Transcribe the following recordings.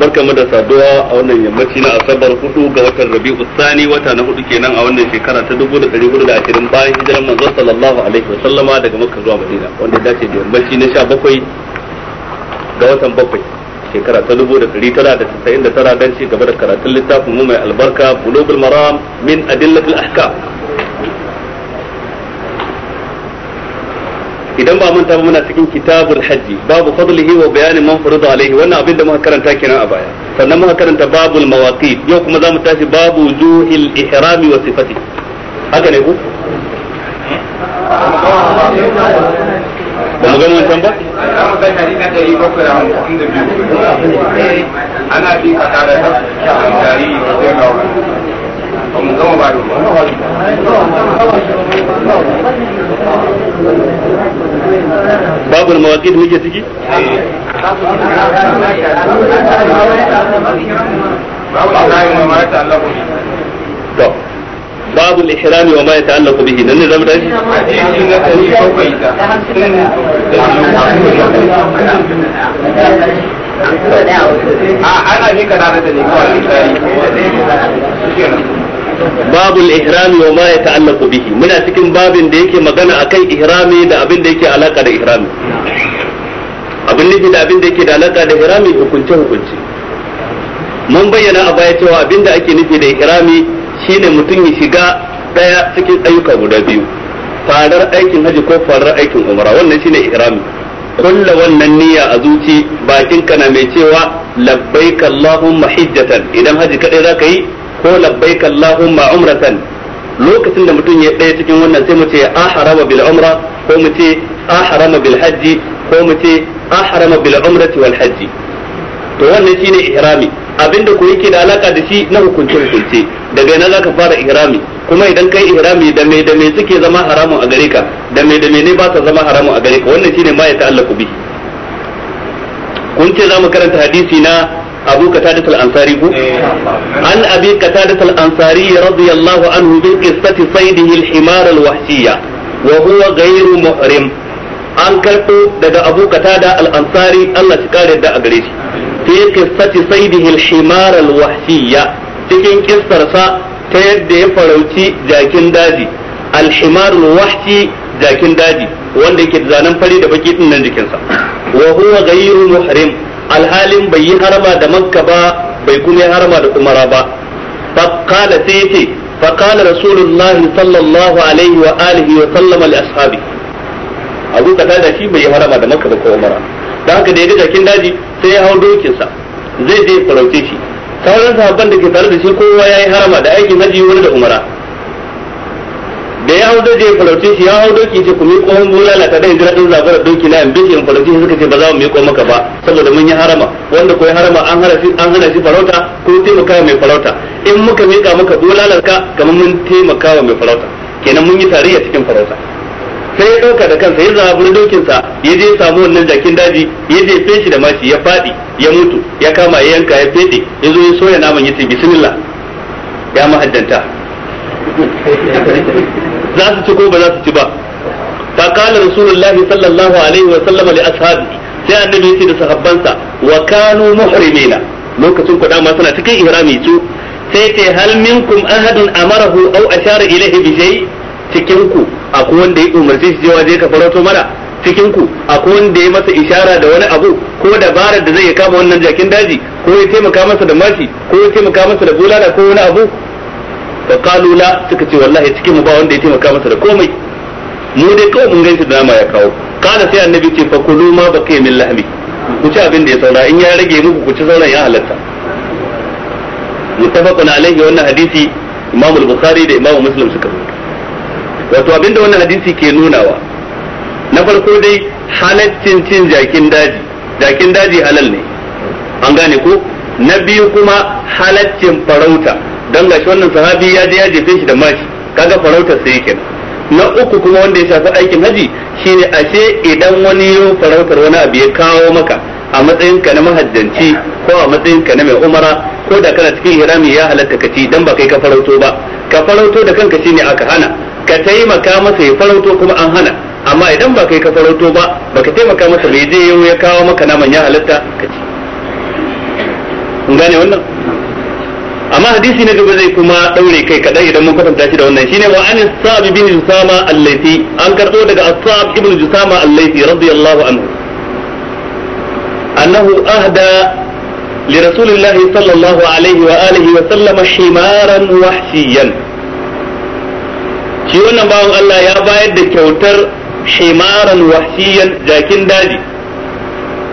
barka mu da saduwa a wannan yammaci na asabar hudu ga watan rabi'u sani wata na hudu kenan a wannan shekara ta dubu da dari hudu da ashirin bayan hijirar manzo sallallahu alaihi wa sallama daga makka zuwa madina wanda ya dace da yammaci na sha bakwai ga watan bakwai shekara ta dubu da dari tara da tasa'in da tara don ci gaba da karatun littafin mu mai albarka bulogul maram min adillatul ahkam idan ba mun tafi muna cikin kitabul hajji babu fadlihi wa bayanin man farida alaihi wannan abin da muka karanta kenan a baya sannan muka karanta babul mawaqit yau kuma zamu tashi babu zuhil ihrami wa sifati haka ne ku ba mu gama wancan ba ana bi ka tare da tarihi باب المواقيت مجي تجي باب الإحرام وما يتعلق به نن زم داش أنا هيك أنا تدري باب الاحرام wa ma به bihi muna cikin babin da yake magana akan ihrami da abin da yake alaka da ihrami abin nufi da abin da yake da alaka da ihrami hukunce hukunce mun bayyana a baya cewa abin da ake nufi da ihrami shine mutum ya shiga daya cikin ayyuka guda biyu farar aikin haji ko farar aikin umara wannan shine ihrami kulla wannan niyya a zuci bakin kana mai cewa labbaik allahumma hijjatan idan haji kadai zaka yi ko labbaik allahumma umratan lokacin da mutum ya daya cikin wannan sai mu ce harama bil umra ko mu ce a harama bil hajji ko mu ce a harama bil umrati wal hajji to wannan shine ihrami abinda ku yake da alaka da shi na hukuncin hukunce daga yana zaka fara ihrami kuma idan kai ihrami da me da me suke zama haramun a gare ka da me da me ne ba ta zama haramun a gare ka wannan shine ma ya ta'allaku bi kun ce za mu karanta hadisi na abu katadat al-ansari ko eh. an abi katadat al-ansari radiyallahu anhu bi qissati saydihi al-himar wa an karto daga abu katada al Allah shi kare da a gare shi fi qissati saydihi al da al cikin kistarsa ta yadda ya farauci jakin daji al jakin daji wanda yake zanen fari da baki din nan jikinsa wa huwa ghayru muhrim alhalin bai yi harama da makka ba bai kuma yi harama da umara ba faqala sai yace faqala rasulullahi sallallahu alaihi wa alihi wa sallama li ashabi abu da shi bai yi harama da makka ba ko umara da haka da ya ga kin daji sai ya hau dokin sa zai je farauce shi sauran sahabban da ke tare da shi kowa yi harama da aikin haji wani da umara da ya hau je farauti shi ya hau doki ce kuma miƙo mun lalata ta dai jira doki na in bishi in suka ce ba za mu miƙo maka ba saboda mun yi harama wanda ko harama an hana shi an hana shi farauta ko taimaka mai farauta in muka miƙa maka bulalar ka kamar mun taimaka wa mai farauta kenan mun yi tarayya cikin farauta sai ya ɗauka da kansa ya dokin dokinsa ya je samu wannan jakin daji ya je feshi da mashi ya faɗi ya mutu ya kama ya yanka ya feɗe ya zo ya soya naman ya ce bismillah ya ma'addanta za su ci ko ba za su ci ba fa qala rasulullah sallallahu alaihi wa sallam li ashabi sai annabi ce da sahabbansa wa kanu muhrimina lokacin ku dama suna cikin ihrami su sai ce hal minkum ahadun amarahu aw ashara ilaihi bi shay cikin ku akwai wanda ya umarce shi je waje ka farauto mara cikin ku akwai wanda ya masa ishara da wani abu ko dabarar da zai ya kama wannan jakin daji ko ya taimaka masa da mashi ko ya taimaka masa da bulala ko wani abu fa kalu la suka ce wallahi cikin mu ba wanda ya taimaka masa da komai mu dai kawai mun ganta da nama ya kawo kala sai annabi ce fa kulu ma kai min lahmi ku ci abin da ya saura in ya rage muku ku ci sauran ya halatta muttafaqun alaihi wannan hadisi imamu al-Bukhari da Imam Muslim suka rubuta wato abinda wannan hadisi ke nunawa na farko dai halaccin cin jakin daji jakin daji halal ne an gane ko na biyu kuma halaccin farauta dan gashi wannan sahabi ya je ya jefe shi da mashi kaga farautar sai yake na uku kuma wanda ya shafi aikin haji shine ashe idan wani yau farautar wani abu ya kawo maka a matsayin ka na mahajjanci ko a matsayin ka na mai umara ko da kana cikin hirami ya halatta ka ci dan ba kai ka farauto ba ka farauto da kanka shine aka hana ka taimaka masa ya farauto kuma an hana amma idan ba kai ka farauto ba baka taimaka masa bai je ya kawo maka naman ya halatta ka ci gane wannan amma hadisi na gaba zai kuma daure kai kadai idan mun kwatanta shi da wannan shine wa an sa'ab ibn jusama al an karto daga ashab saab ibn jusama al radiyallahu anhu annahu ahda لرسول sallallahu alaihi wa alihi wa وسلم حمارا وحشيا shi wannan bawan Allah ya bayar da kyautar shimaran wahsiyan jakin daji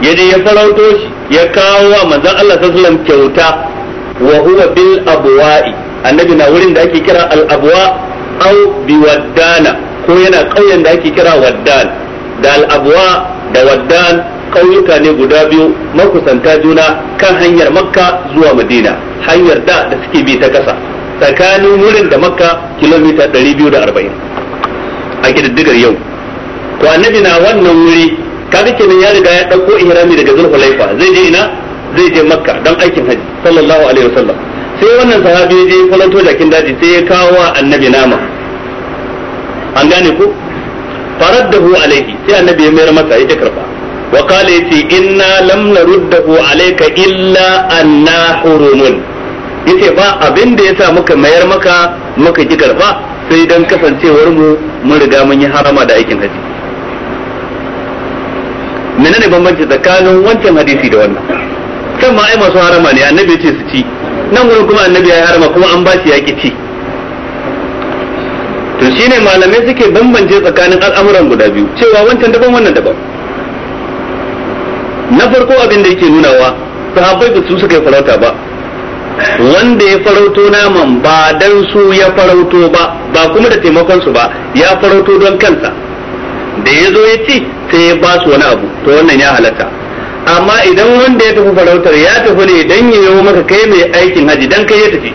yaje ya farauto shi ya kawo wa manzon Allah sallallahu kyauta wa huwa bil abwa'i annabi na wurin da ake kira al abwa aw bi waddana ko yana kauyen da ake kira waddan da al abwa da waddan kauyuka ne guda biyu makusanta juna kan hanyar makka zuwa madina hanyar da da suke bi ta kasa tsakanin wurin da makka kilomita 240 a kididdigar yau to annabi na wannan wuri kaga kenan ya riga ya dauko ihrami daga zulhulaifa zai je ina zai je makka don aikin haji sallallahu alaihi wasallam sai wannan sahabi ya je falanto jakin daji sai ya kawo wa annabi nama an gane ko faraddahu alaihi sai annabi ya mayar masa ya karba wa qala yace inna lam naruddahu alayka illa anna hurumun yace ba abin da yasa muka mayar maka muka ki karba sai dan kasancewar mu mun riga mun yi harama da aikin haji menene bambanci tsakanin wancan hadisi da wannan kan ma ai masu harama ne annabi ya ce su ci nan gurin kuma annabi ya harama kuma an ba shi ya ci to shine malamai suke bambance tsakanin al'amuran guda biyu cewa wancan daban wannan daban na farko abin da yake nunawa sahabbai ba su suka farauta ba wanda ya farauto naman ba dan su ya farauto ba ba kuma da taimakon su ba ya farauto don kansa da ya zo ya ci sai ya ba su wani abu to wannan ya halatta amma idan wanda ya tafi farautar ya tafi ne dan ya yi maka kai mai aikin haji dan kai ya tafi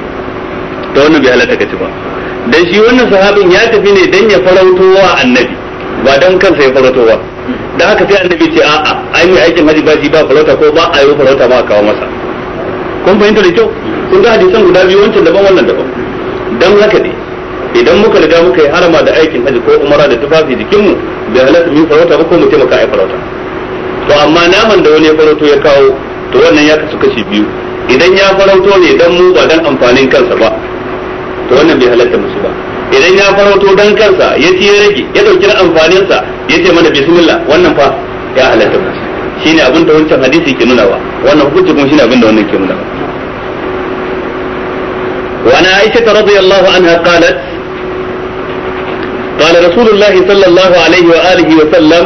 to wannan bai halatta ka ci ba dan shi wannan sahabin ya tafi ne dan ya farauto wa annabi ba dan kansa ya farauto ba dan haka sai annabi ce a'a ai yi aikin haji ba shi ba farauta ko ba a yi farauta ba a kawo masa kun fahimta da kyau kun ga hadisan guda biyu wancan daban wannan daban dan haka ne idan muka riga muka yi harama da aikin haji ko umara da tufafi jikinmu bai halatta mu farauta ba ko mu taimaka a farauta to amma naman da wani ya farauto ya kawo to wannan ya kasu kashi biyu idan ya farauto ne dan mu ba dan amfanin kansa ba to wannan bai halatta musu ba idan ya farauto dan kansa ya ci ya rage ya dauki na amfanin sa ya ce mana bismillah wannan fa ya halatta musu shine abin da wancan hadisi ke nuna wa wannan hukunci kuma shine abin da wannan ke nuna wa وعن عائشة رضي الله عنها قالت قال رسول الله صلى الله عليه وآله وسلم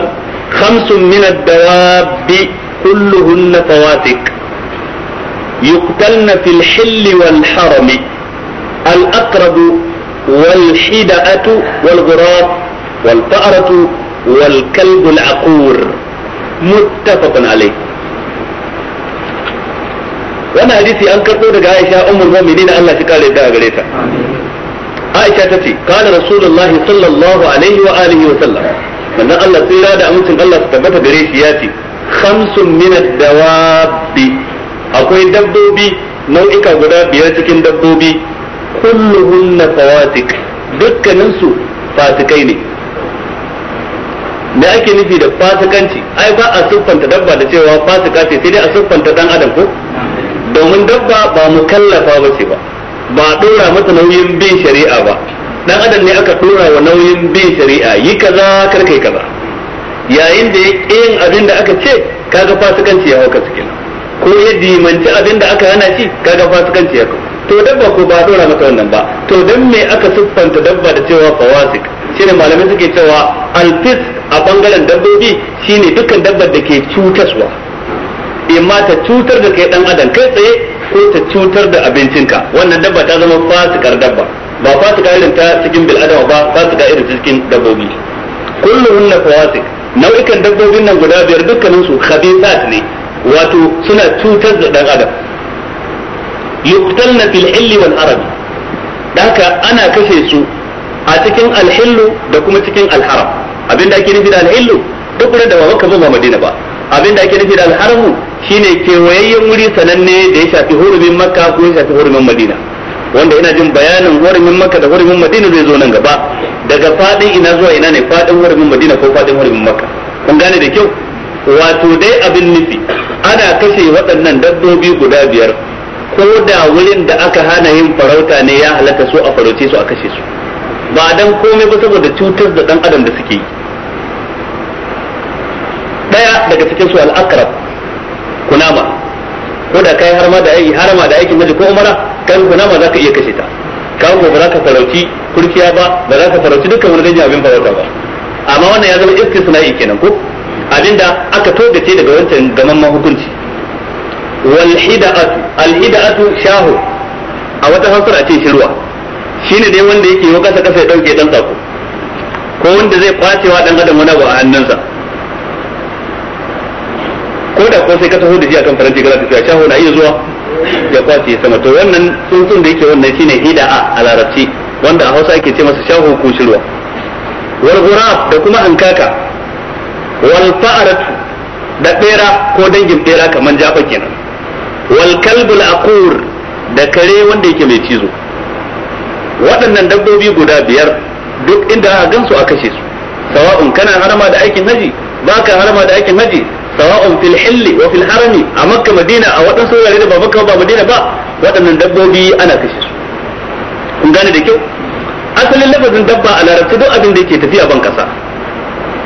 خمس من الدواب كلهن فواتك يقتلن في الحل والحرم الأقرب والحدأة والغراب والفأرة والكلب العقور متفق عليه وانا حديثي أنكر قولك عائشة أم المؤمنين الله شكال إبداع عائشة تتي قال رسول الله صلى الله عليه وآله وسلم manzon Allah sai da amincin Allah su tabbata gare shi ya ce khamsun min ad-dawabi akwai dabbobi nau'ika guda biyar cikin dabbobi kulluhunna fawatik dukkanin su fasikai ne me ake nufi da fasikanci ai ba a siffanta dabba da cewa fasika ce sai dai a siffanta dan adam ko domin dabba ba mukallafa ba ce ba ba dora mata nauyin bin shari'a ba dan adam ne aka tura wa nauyin bin shari'a yi kaza kar kai kaza yayin da yin abin da aka ce kaga fasikanci ya hauka cikin ko ya dimanci abin da aka hana shi kaga fasikanci ya hauka to dabba ko ba dora maka wannan ba to dan me aka siffanta dabba da cewa fawasik shine malamai suke cewa alfis a bangaren dabbobi shine dukkan dabba da ke cutaswa imma ta cutar da kai dan adam kai tsaye ko ta cutar da abincinka wannan dabba ta zama fasikar dabba ba fasika irin ta cikin bil ba fasika irin cikin dabbobi hunna fawasik nau'ikan dabbobin nan guda biyar dukkaninsu su khabithat ne wato suna cutar da dan adam yuqtalna fil hilli wal arab daka ana kashe su a cikin alhillu da kuma cikin alharam abinda ake nufi da alhillu duk wurin da ba maka ba madina ba abinda ake nufi da alharamu shine kewayayyen wuri sananne da ya shafi hurumin makka ko ya shafi hurumin madina wanda ina jin bayanin warimin maka da warimin madina zai zo nan gaba daga fadin ina zuwa ina ne fadin hurumin madina ko fadin hurumin makka kun gane da kyau wato dai abin nufi ana kashe waɗannan dabbobi guda biyar ko da wurin da aka hana yin farauta ne ya halatta su a farauce su a kashe su ba dan komai ba saboda cutar da dan adam da suke yi daya daga cikin su al-aqrab kunama ko da kai har ma da yi har ma da aikin naji ko umara kan kuna ma zaka iya kashe ta ko ba za ka farauci kurkiya ba ba za ka farauci dukkan wani dangin abin farauta ba amma wannan ya zama yi kenan ko abinda aka togace daga wancan ma hukunci wal hida'atu al hida'atu shahu a wata hausar a ce shirwa shine dai wanda yake yau kasa kasa ya dauke dan sako ko wanda zai kwacewa dan adam wani ba a hannunsa ko da ko sai ka taho da ji akan faranti kana tafiya shaho na iya zuwa ya kwace sama to wannan tsuntsun da yake wannan shine Ida a larabci wanda a Hausa ake ce masa shaho ko shirwa wal ghuraf da kuma ankaka, wal fa'arat da bera ko dangin bera kaman jafa kenan wal kalbul aqur da kare wanda yake mai cizo waɗannan dabbobi guda biyar duk inda aka gansu a kashe su sawa'un kana harama da aikin haji ba ka harama da aikin haji sawa'un fil hilli wa fil harami a makka madina a waɗansu wurare da ba makka ba madina ba waɗannan dabbobi ana kashe su da kyau asalin lafazin dabba a larabci duk abin da yake tafiya ban kasa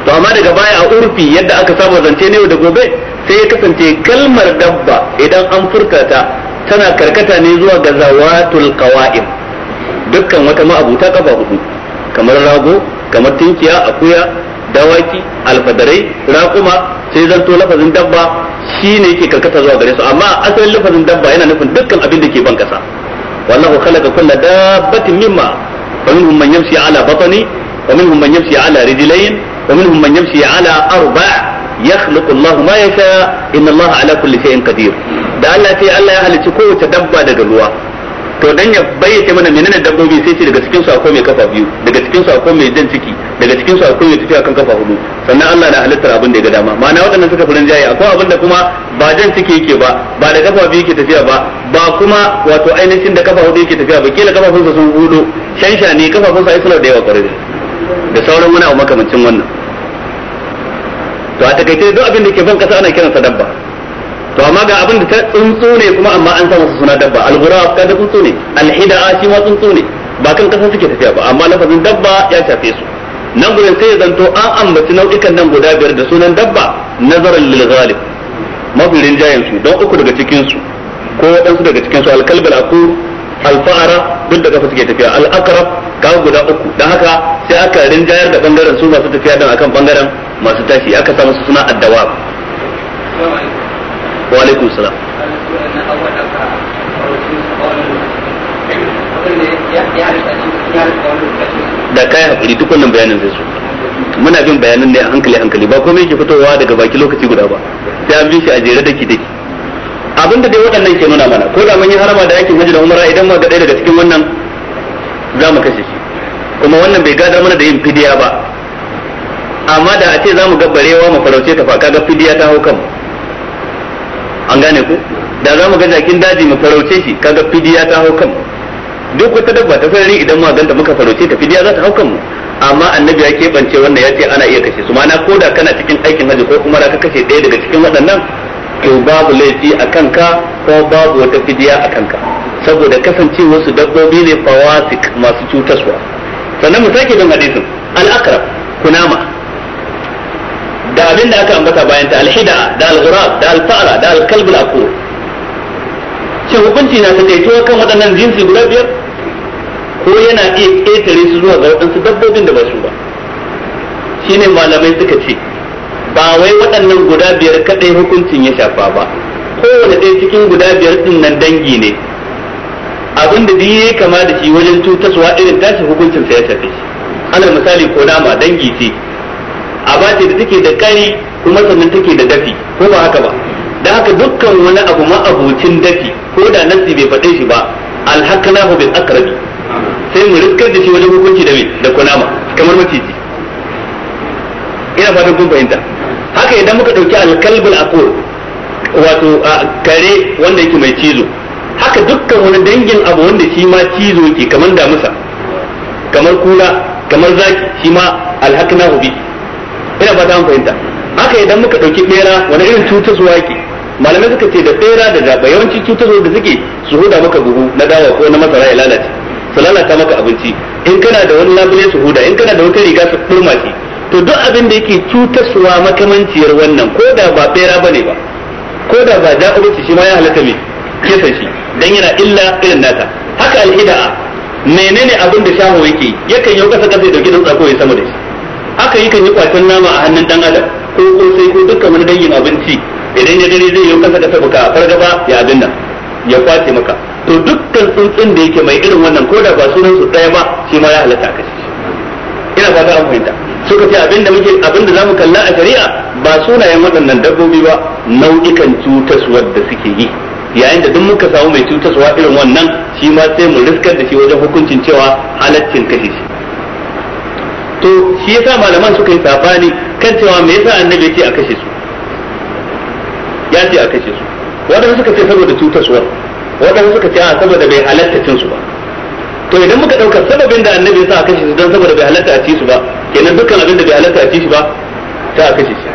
to amma daga baya a urfi yadda aka saba zance ne da gobe sai ya kasance kalmar dabba idan an furta ta tana karkata ne zuwa ga zawatul qawa'im dukkan wata ma'abuta kafa hudu kamar rago kamar tinkiya akuya dawaki alfadarai raƙuma sai zanto lafazin dabba shine yake karkata zuwa gare su amma asalin lafazin dabba yana nufin dukkan abin da ke ban kasa wallahu khalaqa kulla dabbatin mimma fa minhum man yamshi ala batni wa minhum man yamshi ala rijlayn wa minhum man yamshi ala arba' yakhluqu Allah ma yasha inna Allah ala kulli shay'in qadir da Allah sai Allah ya halicci kowace dabba daga ruwa to dan ya bayyace mana menene dabbobi sai ce daga cikin su akwai mai kafa biyu daga cikin su akwai mai jan ciki daga cikin su akwai mai tafiya kan kafa hudu sannan Allah na halittar abin da ya ga dama ma'ana waɗannan suka furin jaye akwai abin da kuma ba jan ciki yake ba ba da kafa biyu yake tafiya ba ba kuma wato ainihin da kafa hudu yake tafiya ba kila kafafunsa sun hudu shansha ne kafafunsa ai suna da yawa kwarai da sauran wani abu makamancin wannan to a takaice duk abin da ke ban kasa ana kiransa dabba to amma ga abin da ta tsuntsu ne kuma amma an samu suna dabba al ka da tsuntsu ne al-hida'a shi ma tsuntsu ne ba kan kasa suke tafiya ba amma lafazin dabba ya shafe su nan gurin sai ya zanto an ambaci nau'ikan nan guda biyar da sunan dabba nazarin lil ghalib mafi rinjayen su don uku daga cikin su ko waɗansu daga cikin su al-kalb al duk da kafa suke tafiya al-aqrab guda uku dan haka sai aka rinjayar da bangaren su masu tafiya dan akan bangaren masu tashi aka samu suna addawa wa السلام da kai hakuri duk wannan bayanin zai so muna bin bayanan ne a hankali hankali ba komai yake fitowa daga baki lokaci guda ba sai an bin shi a jere daki daki abinda dai waɗannan ke nuna mana ko da mun yi harama da aikin hajji da umara idan ma ga ɗaya daga cikin wannan za mu kashe shi kuma wannan bai gadar mana da yin fidiya ba amma da a ce za mu ga mu farauce ta fa ga fidiya ta hau kanmu an gane ku da za mu ga jakin daji mu farauce shi kaga fidiya ta hau kanmu duk wata dabba ta sarari idan mu ganta muka farauce ta fidiya za ta hau kanmu amma annabi ya kebance wannan ya ce ana iya kashe su ma'ana ko da kana cikin aikin hajji ko kuma ka kashe ɗaya daga cikin waɗannan to babu laifi a kanka ko babu wata fidiya a kanka saboda kasancewar su dabbobi ne fawasik masu cutarwa sannan mu sake bin hadisin al-akrab kunama da abin da aka ambata bayan ta alhida da alghurab da alfara da alkalb alaqur shi hukunci na ta taito kan waɗannan jinsi guda biyar ko yana iya ƙetare su zuwa ga waɗansu dabbobin da ba su ba Shi ne malamai suka ce ba wai waɗannan guda biyar kaɗai hukuncin ya shafa ba kowane ɗaya cikin guda biyar ɗin nan dangi ne abin da ya kama da shi wajen cutaswa irin tashi hukuncin sa ya shafe shi alal misali ko nama dangi ce aba ce da take da kari kuma sannan take da dafi ko ba haka ba da haka dukkan wani abu ma abucin dafi ko da nasi bai faɗe shi ba hu bil aqrabi sai mu riskar da shi wajen hukunci da me da kunama kamar maciji ina fatan kun fahimta haka idan muka dauki alkalbul aqul wato kare wanda yake mai cizo haka dukkan wani dangin abu wanda shi ma cizo yake kamar damusa kamar kula kamar zaki shi ma hu bi ina ba ta an fahimta haka idan muka ɗauki bera wani irin cutar su waki malamai suka ce da bera da gaba yawanci cutar da suke su huda maka buhu na dawa ko na masara ya lalace su lalata maka abinci in kana da wani labule su huda in kana da wata riga su kurma ki to duk abin da yake cutarwa makamanciyar wannan ko da ba bera bane ba ko da ba da'urci shi ma ya halatta me kesa shi dan yana illa irin nata haka al'ida menene abin da shaho yake yakan yau kasa kasa ya dauki dan tsako ya sama da shi aka yi kan yi kwatan nama a hannun dan adam ko sai ko dukkan wani dangin abinci idan ya gani zai yi kasa sabuka baka fargaba ya abin nan ya kwace maka to dukkan tsuntsun da yake mai irin wannan ko da ba sunan su daya ba shi ma ya halatta ka ina fata a fahimta suka ce abin muke abin da zamu kalla a shari'a ba sunayen waɗannan dabbobi ba nau'ikan cutaswar da suke yi yayin da duk muka samu mai cutaswa irin wannan shi ma sai mu riskar da shi wajen hukuncin cewa halaccin kashe shi to shi yasa malaman suka yi sabani kan cewa me yasa annabi ya ce a kashe su ya ce a kashe su wadanda suka ce saboda cutarwar wadanda suka ce a saboda bai halatta cin su ba to idan muka dauka sababin da annabi yasa a kashe su dan saboda bai halatta a ci su ba kenan dukkan abin da bai halatta a ci shi ba ta a kashe shi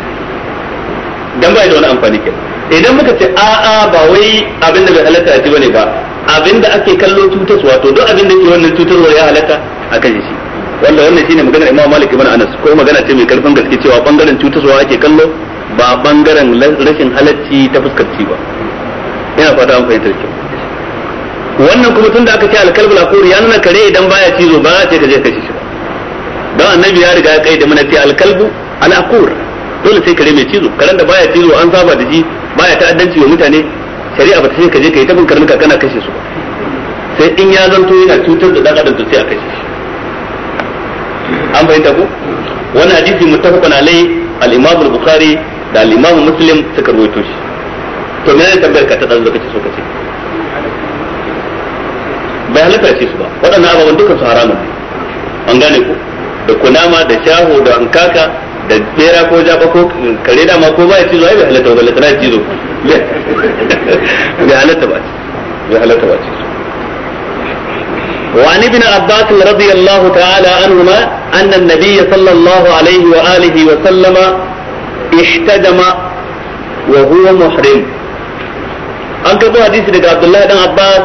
dan bai da wani amfani ke idan muka ce a'a ba wai abin da bai halatta a ci bane ba abin da ake kallo cutarwa to duk abin da ke wannan cutarwar ya halatta a kashe shi wanda wannan shine maganar Imam Malik ibn Anas ko magana ce mai karfin gaske cewa bangaren cutarwa ake kallo ba bangaren rashin halacci ta fuskar ci ba ina fata an fahimtar ki wannan kuma tunda aka ce alkalbul akuri ya nuna kare idan baya zo ba za ce ka je kashe shi dan annabi ya riga ya kai da mana ce alkalbu al'akur dole sai kare mai ci zo karanta baya zo an saba da shi baya ta'addanci wa mutane shari'a ba ta ce ka je ka yi tabin karnuka kana kashe su ba sai in ya zanto yana cutar da dan adam to sai a kashe shi an bayyana ku wannan hadisi muttafaqun alai al-imam al-bukhari da al-imam muslim suka rawaito shi to me ne tambayar ka ta dan lokaci so kace bai halaka ce su ba waɗannan ababen dukkan su haramun ne an gane ku da kunama da shaho da ankaka da bera ko jaba ko kare ma ko ba ya ci ai bai halatta ba bai ci zo bai halatta ba bai halatta ba zo وعن ابن عباس رضي الله تعالى عنهما أن النبي صلى الله عليه وآله وسلم احتدم وهو محرم an karɓo hadisi daga abdullahi dan abbas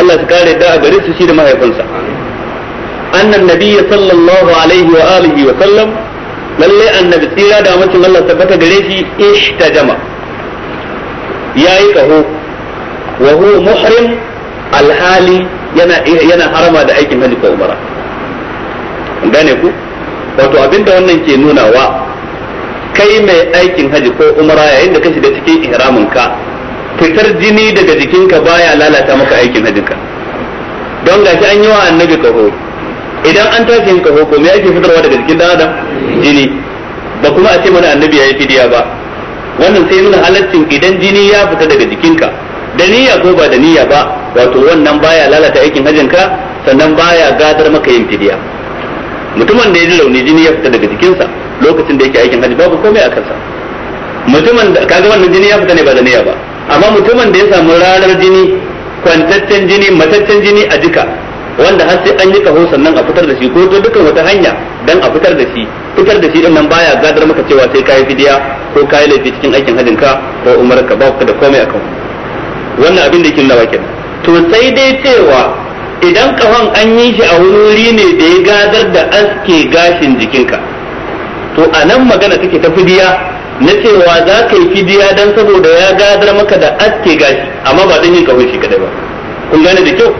allah su kare da a gare su shi da mahaifinsa annan alaihi wa alihi wa sallam lalle annabi tsira da mutum allah tabbata gare shi ishtajama yayi kaho wa muhrim alhali yana harama da aikin hajji ko umara gane ku wato abinda wannan ke nuna wa kai mai aikin hajji ko umara yayin da ka shiga cikin ihramin ka fitar jini daga jikinka baya lalata maka aikin hajjinka don gashi an yi wa annabi kaho idan an tashi yin kaho ko me ake fitarwa daga jikin dan adam jini ba kuma a ce mana annabi ya yi fidiya ba wannan sai nuna halaccin idan jini ya fita daga jikinka da niyya ko ba da niyya ba wato wannan baya lalata aikin hajjin ka sannan baya gadar maka yin fidiya mutumin da ya ji rauni jini ya fita daga jikinsa lokacin da yake aikin hajji babu komai a kansa mutumin da kaga wannan jini ya fita ne ba da niyya ba amma mutumin da ya samu ranar jini kwantaccen jini mataccen jini a jika wanda har sai an yi kaho sannan a fitar da shi ko to dukkan wata hanya dan a fitar da shi fitar da shi din nan baya gadar maka cewa sai kai fidiya ko kai laifi cikin aikin hajjin ka ko umarka ba ka da komai akan wannan abin da kin nawa kenan to sai dai cewa idan kafan an yi shi a wuri ne da ya gadar da aske gashin jikinka to a nan magana take ta fidiya na cewa za ka yi fidiya don saboda ya gadar maka da aske gashi amma ba don yin kafin shi kadai ba kun gane da kyau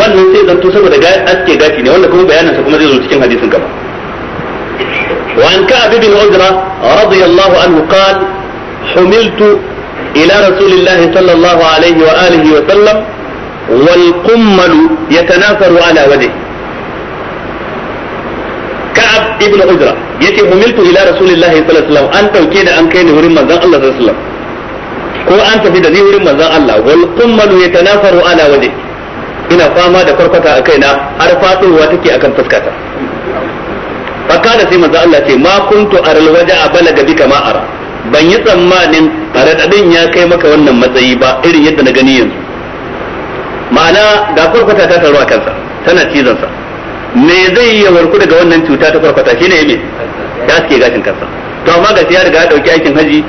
wannan sai zanto saboda aske gashi ne wanda kuma bayanin sa kuma zai zo cikin hadisin gaba وعن كعب بن عجرة رضي الله عنه قال حملت ila rasulillahi sallallahu alaihi wa alihi wa sallam wal qummalu yatanafaru ala wajhi ka'ab ibn uzra yace humiltu ila rasulillahi sallallahu an dauke an kai wurin manzon Allah sallallahu alaihi ko an tafi da ni wurin manzon Allah wal qummalu yatanafaru ala waje. ina fama da farfata a kaina har faduwa take akan fuskata fakada sai manzo Allah ce ma kuntu aral waja balaga bika ma ara ban yi tsammanin faradadin ya kai maka wannan matsayi ba irin yadda na gani yanzu ma'ana ga kwarkwata ta taru a kansa tana cizonsa me zai yi warku daga wannan cuta ta kwarkwata shine ya ya suke gashin kansa to amma ga ya riga dauki aikin haji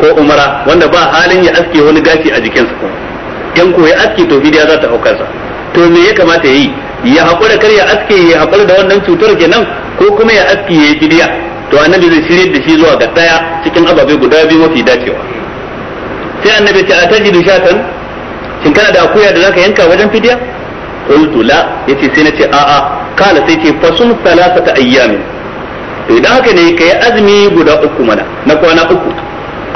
ko umara wanda ba halin ya aske wani gashi a jikinsa yan koyi aske to bidiya za ta hau kansa to me ya kamata yi ya haƙura kar ya aske ya haƙura da wannan cutar kenan ko kuma ya aske ya yi to annabi zai shirye da shi zuwa ga daya cikin ababe guda biyu mafi dacewa sai annabi ta atajidu shatan shin kana da akuya da zaka yanka wajen fidiya qultu la yace sai nace a'a kala sai ce fasun thalathata ayyamin to idan haka ne kai azumi guda uku mana na kwana uku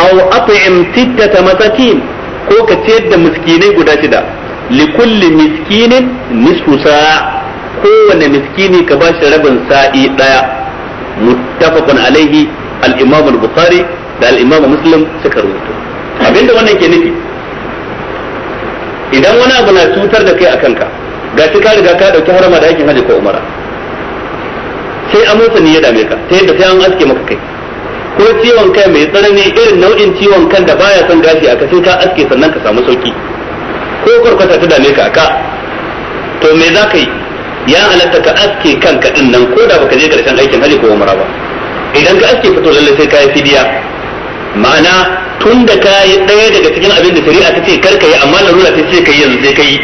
aw at'im sittata masakin ko ka ciyar da miskinai guda shida likulli miskinin nisfu sa'a kowane miskini ka ba shi rabin sa'i daya muttafaqun alaihi al-imam al-bukhari da al-imam muslim suka rubuta abinda wannan ke nufi idan wani abu na cutar da kai a kanka ga shi ka riga ka dauki harama da aikin haji ko umara sai amurka ne ya dame ka ta yadda sai an aske maka kai ko ciwon kai mai tsanani irin nau'in ciwon kan da baya son gashi a sai ka aske sannan ka samu sauki ko kwarkwata ta dame ka ka to me za ka yi ya halatta ka aske kanka din nan ko da baka je karshen aikin hali ko umra ba idan ka aske fito lalle sai yi fidiya ma'ana tun da ka yi ɗaya daga cikin abin da shari'a ta ce kar ka yi amma larura ta ce ka yi yanzu sai ka yi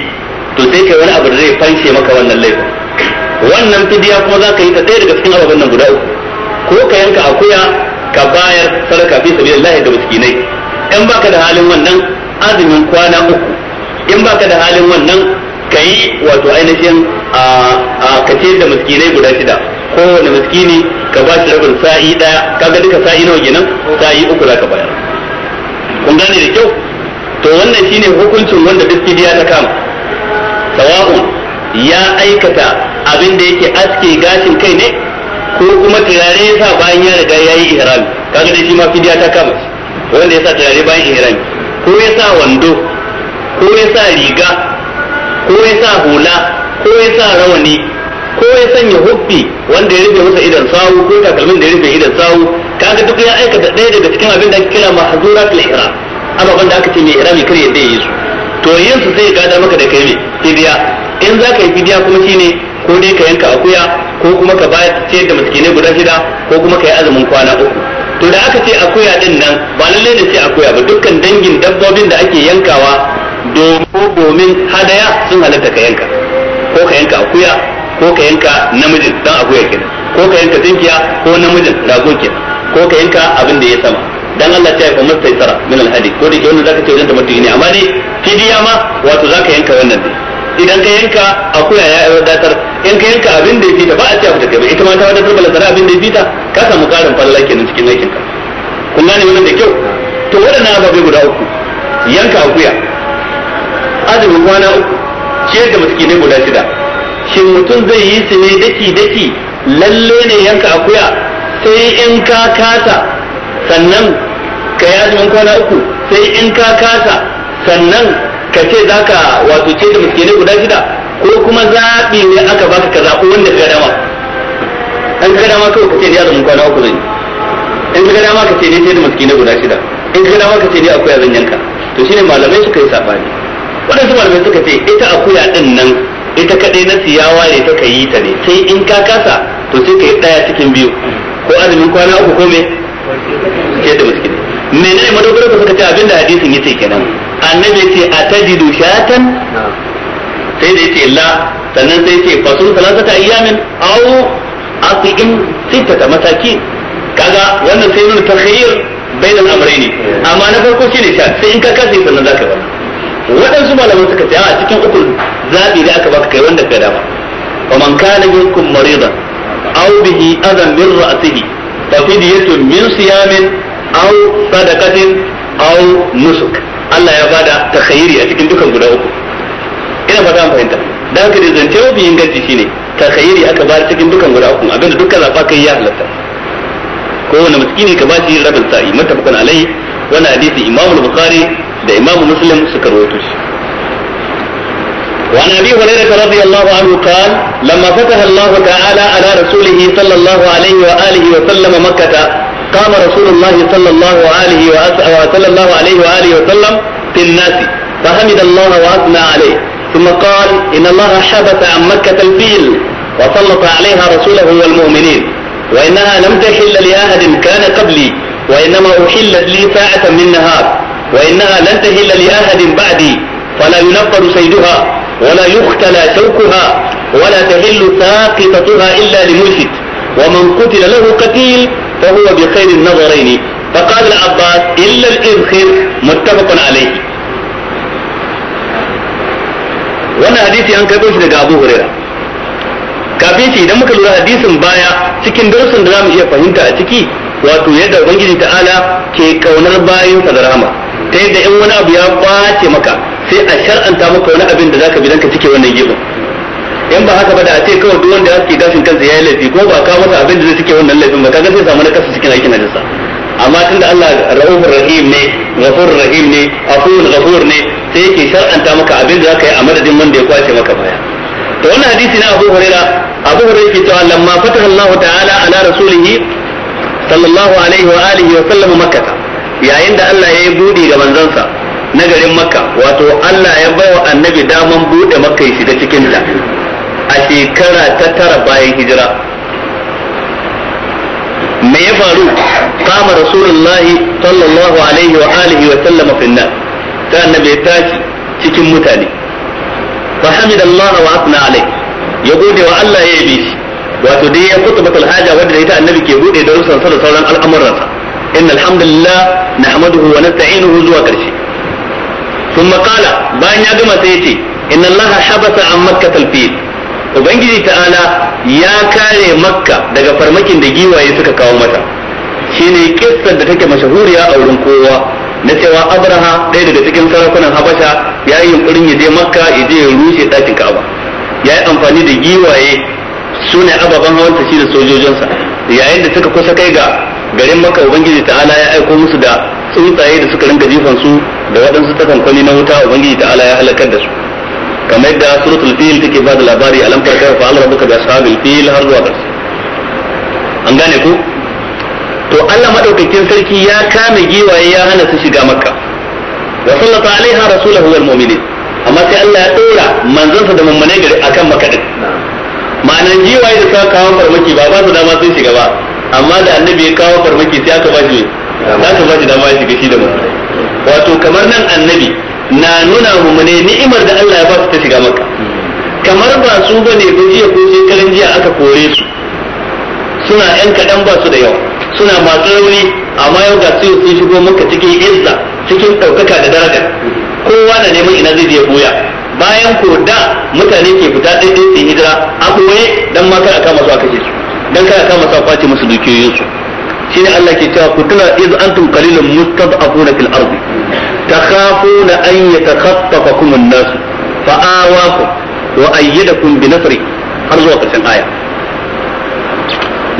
to sai ka yi wani abu da zai fanshe maka wannan laifin wannan fidiya kuma za ka yi ta ɗaya daga cikin ababen nan guda uku ko ka yanka akuya ka bayar sadaka fi sabilillah ga miskinai in baka da halin wannan azumin kwana uku in baka da halin wannan ka yi wato ainihin a ka da miskinai guda shida kowane miskini ka ba shi rabin sa'i daya kaga duka sa'i nawa kenan sa'i uku za ka bayar kun gane da kyau to wannan shine hukuncin wanda biskidi ya ta kama sawa'un ya aikata abin da yake aske gashin kai ne ko kuma turare ya sa bayan ya riga ya yi ihrami kaga da shi ma fidiya ta kama wanda ya sa turare bayan ihrami ko ya sa wando ko ya sa riga ko ya sa hula ko ya sa rawani ko ya sanya huffi wanda ya rufe masa idan sawu ko takalmin da ya rufe idan sawu kaga duk ya aikata ɗaya daga cikin abin da ake kira fil ihram ababen da aka ce mai ihrami kar ya yi su to yin su sai gada maka da kai ne fidiya in za ka yi fidiya kuma ne, ko dai ka yanka akuya ko kuma ka bayar ce da miskinai guda shida ko kuma ka yi azumin kwana uku to da aka ce akuya din nan ba lallai da ce akuya ba dukkan dangin dabbobin da ake yankawa domin domin hadaya sun halatta ka yanka ko ka yanka akuya ko ka yanka namijin dan akuya kenan ko ka yanka tinkiya ko namijin rago kenan ko ka yanka abin da ya sama dan Allah ta yafa masa tsara min alhadi ko da wannan zaka ce da tamattu ne amma dai fidiya ma wato zaka yanka wannan ne idan ka yanka akuya ya yi wadatar in ka yanka abin da ya fita ba a ce abu da kai ita ma ta wadatar lazara abin da ya fita ka samu karin falala kenan cikin aikinka kun gane wannan da kyau to waɗannan ababai guda uku yanka akuya azumin kwana uku ciyar da ne guda shida shin mutum zai yi su ne daki daki lalle ne yanka akuya sai in ka kasa sannan ka yi azumin kwana uku sai in ka kasa sannan ka ce za ka wato ce da ne guda shida ko kuma zaɓi ne aka baka ka zaɓi wanda ka dama an ka dama kawai ka ce da azumin kwana uku zai in ka dama ka ce ne sai da ne guda shida in ka dama ka ce ne akuya zan yanka to shine malamai suka yi safari. waɗansu malamai suka ce ita akuya ɗin nan ita kaɗai na siyawa ne ta ka yi ta ne sai in ka kasa to sai ka yi ɗaya cikin biyu ko azumin kwana uku ko me ke da miskin menene madogara ku suka ce abinda hadisin yace kenan annabi yace tajidu shatan sai da yace la sannan sai yace fasul salatata ayyamin aw asiqin sittata mataki. kaga wannan sai nuna takhayyur bainal amrayni amma na farko shine sha sai in ka kasa sannan zaka yi wannan waɗansu malamai suka ce a cikin uku zaɓi da aka baka kai wanda ka dama wa man kana minkum maridan aw bihi adan min ra'sihi fa fidyatun min siyamin aw sadaqatin au nusuk Allah ya bada takhayyiri a cikin dukan guda uku ina fata an fahimta da haka da zance mafi inganci shine takhayyiri aka ba cikin dukan guda uku da dukkan zaɓa kai ya halatta kowane miskini ka ba shi rabin sa'i mutafakun alai wani hadisi imamul bukhari da imamu muslim suka rawaito shi وعن ابي هريره رضي الله عنه قال لما فتح الله تعالى على رسوله صلى الله عليه واله وسلم مكه قام رسول الله صلى الله عليه وصلى الله عليه واله وسلم في الناس فحمد الله واثنى عليه ثم قال ان الله حبس عن مكه الفيل وسلط عليها رسوله والمؤمنين وانها لم تحل لاحد كان قبلي وانما احلت لي ساعه من نهار وإنها لن تهل لأحد بعدي فلا ينفر صيدها ولا يختلى شوكها ولا تهل ساقطتها إلا لمرشد ومن قتل له قتيل فهو بخير النظرين فقال العباس إلا الإذخر متفق عليه wannan hadisi an karɓo shi daga Abu Huraira kafin shi idan muka lura hadisin baya cikin darussan da zamu iya fahimta a ciki wato yadda ubangiji ta'ala ke kaunar bayan sa da rahama ta yadda in wani abu ya kwace maka sai a shar'anta maka wani abin da zaka bi dan ka cike wannan gibin in ba haka ba da a ce kawai duk wanda ya gashin kansa ya yi laifi ko ba ka masa abin da zai cike wannan laifin ba kaga sai samu na kasu cikin aikin najasa amma tunda Allah Ra'ufur Rahim ne Ghafur Rahim ne Afur Ghafur ne sai yake shar'anta maka abin da zaka yi a madadin wanda ya kwace maka baya to wannan hadisi na Abu Huraira Abu Huraira yake cewa lamma fataha Allah ta'ala ala rasulihi sallallahu alaihi wa alihi wa sallam makkah yayin da Allah ya yi budi ga manzansa na garin makka wato Allah ya bai wa annabi daman bude makka ya shiga cikinta a shekara ta tara bayan hijira me ya faru kama rasulullahi sallallahu alaihi wa alihi wa sallama finna ta annabi ya tashi cikin mutane fa hamidallahi wa asna alai ya gode wa Allah ya yi shi wato dai ya kutubatul haja wanda ita annabi ke bude da rusan da sauran al'amuransa إن الحمد لله نحمده ونستعينه زوا كرشي ثم قال بان يقم سيتي إن الله حبس عن مكة الفيل وبنجي تعالى يا كاري مكة daga farmakin da giwaye suka kawo mata shine kissar da take mashahuriya a wurin kowa na cewa Abraha ɗaya daga cikin sarakunan Habasha ya yi yunkurin ya je Makka ya je ya rushe ɗakin Ka'aba ya yi amfani da giwaye su ne ababen hawansa shi da sojojinsa yayin da suka kusa kai ga garin maka ubangiji ta'ala ya aiko musu da tsuntsaye da suka rinka jifan su da waɗansu takankwani na wuta ubangiji ta'ala ya halakar da su kamar yadda suratul fil take ba da labari alam farka fa Allah rabbuka bi ashabil fil har zuwa ƙarshe an gane ku to Allah madaukakin sarki ya kame giwaye ya hana su shiga makka wa sallata alaiha rasuluhu wal mu'minin amma sai Allah ya dora manzansa da mummunai gari akan makka din ma'anan giwaye da suka kawo farmaki ba ba su dama sun shiga ba amma da annabi ya kawo farmaki sai aka bashi aka bashi dama ya shiga shi da mu wato kamar nan annabi na nuna mu ne ni'imar da Allah ya ba su ta shiga maka kamar ba su bane ba jiya ko shekaran jiya aka kore su suna yan kaɗan ba su da yawa suna masu rauni amma yau ga su sun shigo maka cikin izza cikin ɗaukaka da daraja kowa na neman ina zai je buya bayan ko da mutane ke fita daidai su hijira a koye dan ma kada kama su a kashe su dan kada kama su a kwace musu dukiyoyin su shine Allah ke cewa ku tuna iz antum qalilun mustad'afuna fil ardi takhafuna an yatakhaffafakum an-nas fa awakum wa ayyadakum bi nafri har zuwa karshen aya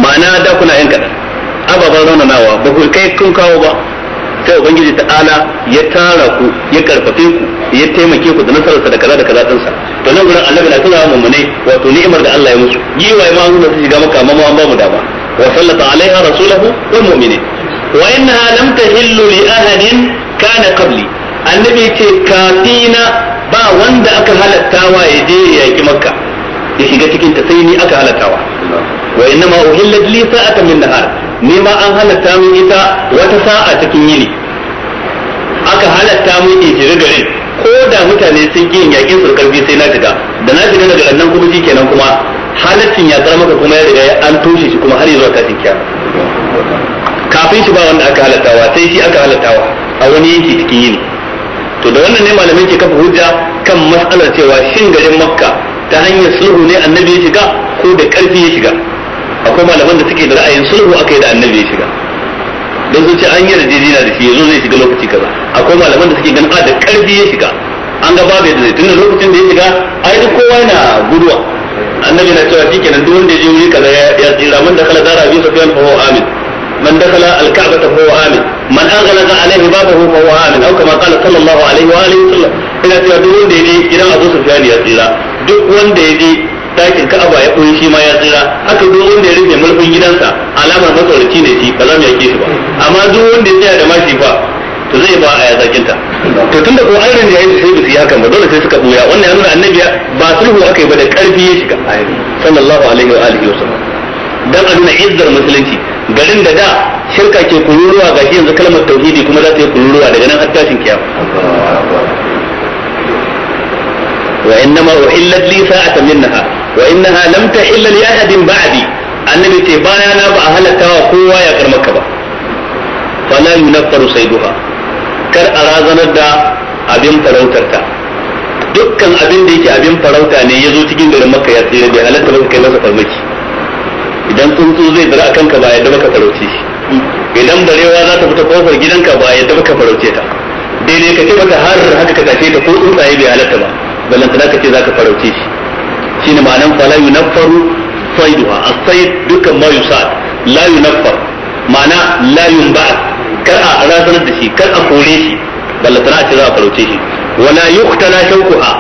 ma'ana da kuna yin kada ababan raunanawa ba ku kai kun kawo ba sai ubangiji ta'ala ya tara ku ya karfafe ku ya taimake ku da nasararsa da kaza da kaza din sa to nan gurin annabi na tuna mu ne wato ni'imar da Allah ya musu giwaye ma mun su shiga maka amma an ba mu dama wa sallata alaiha rasulahu wal mu'minin wa innaha lam tahillu li ahadin kana qabli annabi ce kafina ba wanda aka halattawa ya je ya yaki makka ya shiga cikin ta sai ni aka halattawa wa innama uhillat li sa'atan min nahar ni ma an halatta min ita wata sa'a cikin yini aka halatta min ijiri garin ko da mutane sun yin yakin surkar biyu sai na shiga da na shiga daga nan kuma shi kenan kuma halaccin ya maka kuma ya riga an toshe shi kuma har yanzu kafin kiyama kafin shi ba wanda aka halattawa sai shi aka halattawa a wani yanki cikin yini to da wannan ne malamai ke kafa hujja kan mas'alar cewa shin garin makka ta hanyar sulhu ne annabi ya shiga ko da karfi ya shiga akwai malaman da suke da ra'ayin sulhu aka yi da annabi ya shiga don sun ce an yi rajijina da shi ya zai shiga lokaci kaza akwai malaman da suke ganin a ah, da karfi ya shiga an ga babu yadda zai tunda lokacin da ya shiga ai duk kowa yana guduwa annabi na cewa shi kenan duk wanda ya je wuri kaza ya tsira man dakala zara bi sa fa huwa amin man dakala alka'bata ta huwa amin man an aghlaqa alaihi babu hu huwa amin aw kama qala sallallahu alaihi wa alihi wasallam ina cewa duk wanda ya je gidan Abu Sufyan ya tsira duk wanda ya je dakin abu ya koyi shi ma ya tsira haka duk wanda ya rufe murfin gidansa alamar matsalaci ne shi ba za mu yake shi ba amma duk wanda ya tsaya da mashi fa to zai ba a ya ta. to tunda ko an ya yi sai su yi hakan ba dole sai suka buya wannan ya nuna annabi ba sulhu aka yi ba da karfi ya shiga sallallahu alaihi wa alihi wasallam dan a nuna izzar musulunci garin da da shirka ke kururuwa ga yanzu kalmar tauhidi kuma za ta yi kururuwa daga nan har tashin kiyama وإنما أحلت لي ساعة منها wa innaha lam tahilla li ahadin ba'di annabi ce baya na ba a halatta wa kowa ya karmaka ba fala yunaffaru sayduha kar a razanar da abin farautarta dukkan abin da yake abin farauta ne ya zo cikin garin maka ya tsira bai halatta ba kai masa farmaki idan tsuntsu zai dara a kanka ba yadda baka farauce shi idan barewa za ta fita kofar gidanka ba yadda baka farauce ta daidai ka ce maka har haka ka tashe ta ko tsuntsaye bai halatta ba balantana ka ce za ka farauce shi shine ma'anan fala yunaffaru sayduha as-sayd dukkan ma yusad la yunaffar ma'ana la yunba kar a razanar da shi kar a kore shi ballatana a ce za a farauce shi wala yuqtala shawquha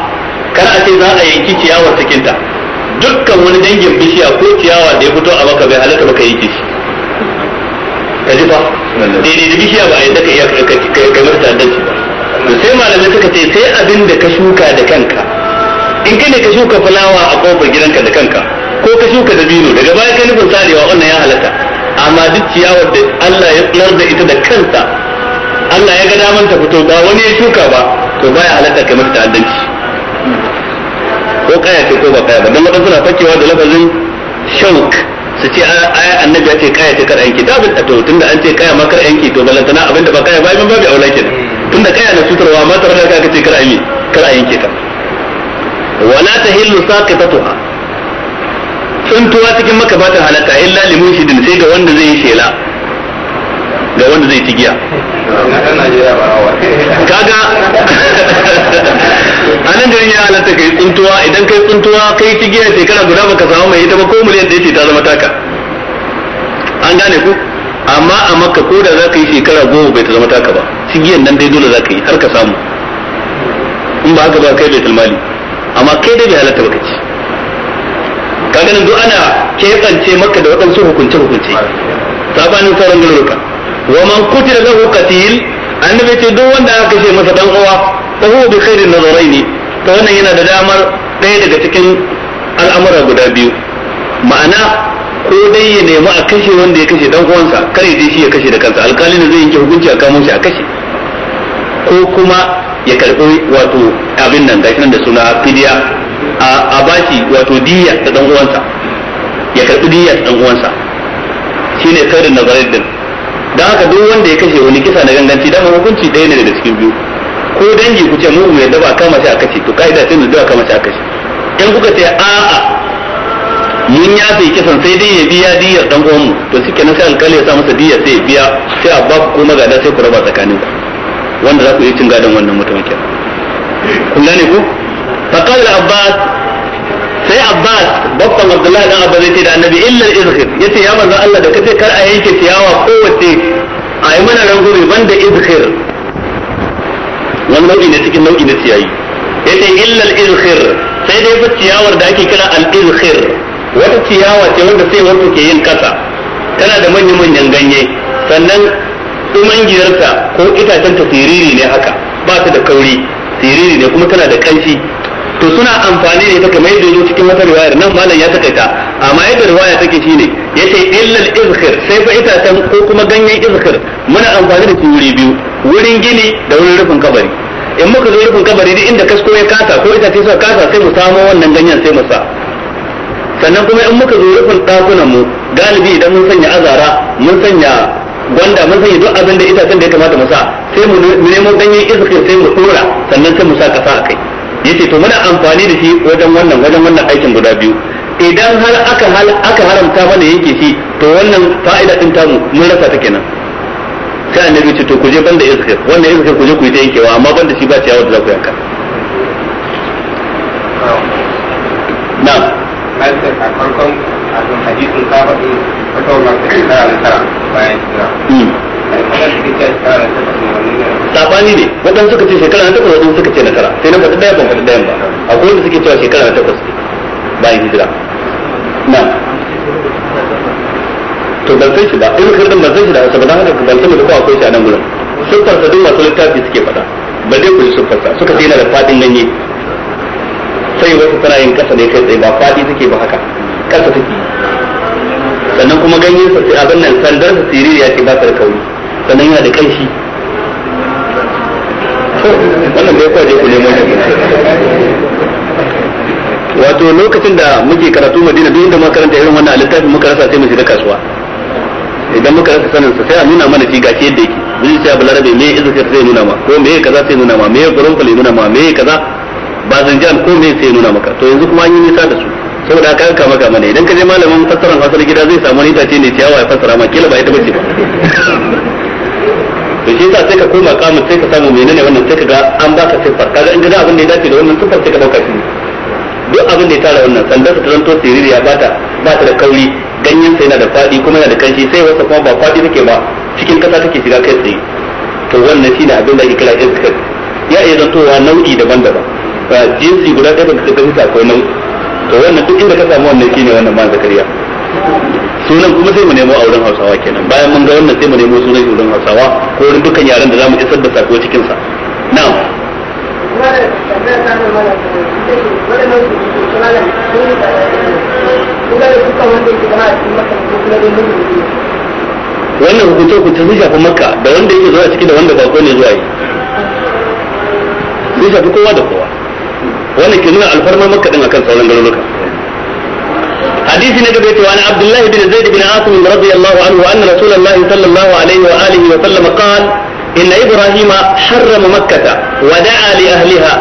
kar a ce za a yanki ciyawar cikinta dukkan wani dangin bishiya ko ciyawa da ya fito a maka bai halatta baka yanke shi ka ji fa daidai da bishiya ba a yadda ka iya kamar ta'addanci ba sai malamai suka ce sai abin da ka shuka da kanka in kai ne ka shuka fulawa a kofar gidanka da kanka ko ka shuka dabino daga baya ka nufin sarewa wannan ya halatta amma duk ciyawar da Allah ya tsinar da ita da kansa Allah ya ga daman ta fito ba wani ya shuka ba to baya halatta kai mata ta'addanci ko kaya ce ko ba kaya ba dan wadan suna fakewa da lafazin shauk su ce aya annabi ya ce kaya ce kar yanki dabin a to tunda an ce kaya ma kar yanki to balantana abinda ba kaya ba ban babu aula kenan tunda kaya na sutarwa ma tare da ka ce kar ayi kar a yanke ta wala tahillu saqitatuha tsuntuwa cikin maka ba ta halatta illa limushidin sai ga wanda zai yi shela ga wanda zai tigiya kaga a nan garin ya halatta kai tsuntuwa idan kai tsuntuwa kai tigiya shekara guda baka samu mai ita ba ko miliyan ɗaya ce ta zama taka an gane ku amma a makka ko da za ka yi shekara goma bai ta zama taka ba tigiyan nan dai dole za ka yi har ka samu in ba haka ba kai bai tilmali amma kai dai bai halatta baka ci kaga nan duk ana kebance maka da waɗansu hukunce hukunce sabanin sauran garuruka wa man kutila lahu qatil annabi ce duk wanda aka kashe masa dan uwa fa huwa bi khairin nazaraini to wannan yana da damar ɗaya daga cikin al'amura guda biyu ma'ana ko dai ya nemi a kashe wanda ya kashe dan uwansa kare shi ya kashe da kansa alƙalin zai yanke hukunci a kamun shi a kashe ko kuma ya karɓi wato abin nan gashi nan da suna fidiya a bashi wato diya ta dan uwansa ya karɓi diya ta dan uwansa shine kairin nazarin din dan haka duk wanda ya kashe wani kisa na ganganci dama hukunci ɗaya ne daga cikin biyu ko dangi ku ce mu mai daba kama shi a kashe to kaida sai mu daba kama shi a kashe in kuka ce a'a mun ya fi kisan sai dai ya biya diyar dan uwanmu to suke na sai alkali ya sa masa diyar sai ya biya sai a ba ku kuma gada sai ku raba tsakaninku wanda za ku yi cin gadon wannan mutumin ke kun gane ku faqala al-abbas sai abbas babban abdullahi dan abbas yace da annabi illa al-izhir yace ya manzo Allah da kace kar a yanke ciyawa kowace a yi mana ranguri banda izhir wannan nau'i ne cikin nau'i na ciyayi yace illa al-izhir sai dai ba ciyawar da ake kira al-izhir wata ciyawa ce wanda sai wanda ke yin kasa tana da manyan manyan ganye sannan giyarsa ko itacen ta siriri ne haka ba su da kauri siriri ne kuma tana da kanshi to suna amfani da ita kamar yadda cikin wata riwayar nan malam ya takaita amma yadda riwaya take ya ce illal izkhir sai fa itacen ko kuma ganyen izkhir muna amfani da su wuri biyu wurin gini da wurin rufin kabari in muka zo rufin kabari duk inda kasko ya kasa ko itace suka kasa sai mu samo wannan ganyen sai mu sa sannan kuma in muka zo rufin ɗakunan mu galibi idan mun sanya azara mun sanya gwanda mun sanya duk abin da itacen da ya kamata mu sa sai mu nemo ganyen iskir sai mu dora sannan sai mu sa kasa a kai yace to muna amfani da shi wajen wannan wajen wannan aikin guda biyu idan har aka hal aka haramta mana yanke shi to wannan fa'ida din mu mun rasa ta kenan sai annabi ce to ku je banda iskir wannan iskir ku je ku yi ta yankewa amma banda shi ba ciyawa da za ku yanka na'am a hadisin ka fatawar tara bayan sabani ne waɗansu suka ce shekara na takwas waɗansu suka ce na tara sai na faɗi ɗaya ban faɗi ba akwai wanda suke cewa shekara na takwas bayan hijira na to ban san shi ba in kar ban san shi da hausa ba dan haka ban san da akwai shi a nan gurin sufar sa masu littafi suke fada ba ku ji sa suka ce yana da faɗin ganye sai wasu tana yin kasa ne kai tsaye ba faɗi suke ba haka kansa take sannan kuma ganyen sa abin nan sandar sa siriri ya ce ba ta kauri sannan yana da kanshi wannan bai kwaje ku nemo shi wato lokacin da muke karatu madina duk inda makaranta irin wannan a littafin muka rasa sai mu shiga kasuwa idan muka rasa sanin sa sai a nuna mana shi gashi yadda yake mun sai abu larabe me yake zai sai nuna ma ko me kaza sai nuna ma me gurin kule nuna ma me kaza ba zanjan ko me sai nuna maka to yanzu kuma an yi nisa da su saboda haka kama kama ne idan ka je malamin fassaran fasar gida zai samu wani tace ne ciyawa ya fassara ma kila ba ita bace ba to shi yasa sai ka koma kamun sai ka samu menene wannan sai ka ga an baka siffar kaga in ga abin da ya dace da wannan siffar sai ka dauka shi duk abin da ya tara wannan sandar ta zanto siririya ba ta ba ta da kauri ganyen sai yana da fadi kuma yana da kanshi sai wasa kuma ba fadi take ba cikin kasa take shiga kai tsaye to wannan shine abin da ake kira iskar ya iya zantowa nau'i daban-daban jinsi guda ɗaya ba ka sai ka akwai nau'i to wannan duk inda ka samu wannan shine wannan ma zakariya sunan kuma sai mu nemo auren hausawa kenan bayan mun ga wannan sai mu nemo sunan auren hausawa ko wurin dukkan yaren da za mu isar da sako cikin sa na'am wannan hukunce hukunce sun shafi makka da wanda yake zuwa ciki da wanda bako ne zuwa yi sun shafi kowa da kowa wannan ke nuna alfarmar makka din akan sauran garuruka حديث النبي عن عبد الله بن زيد بن عاصم رضي الله عنه أن رسول الله صلى الله عليه وآله وسلم قال إن إبراهيم حرم مكة ودعا لأهلها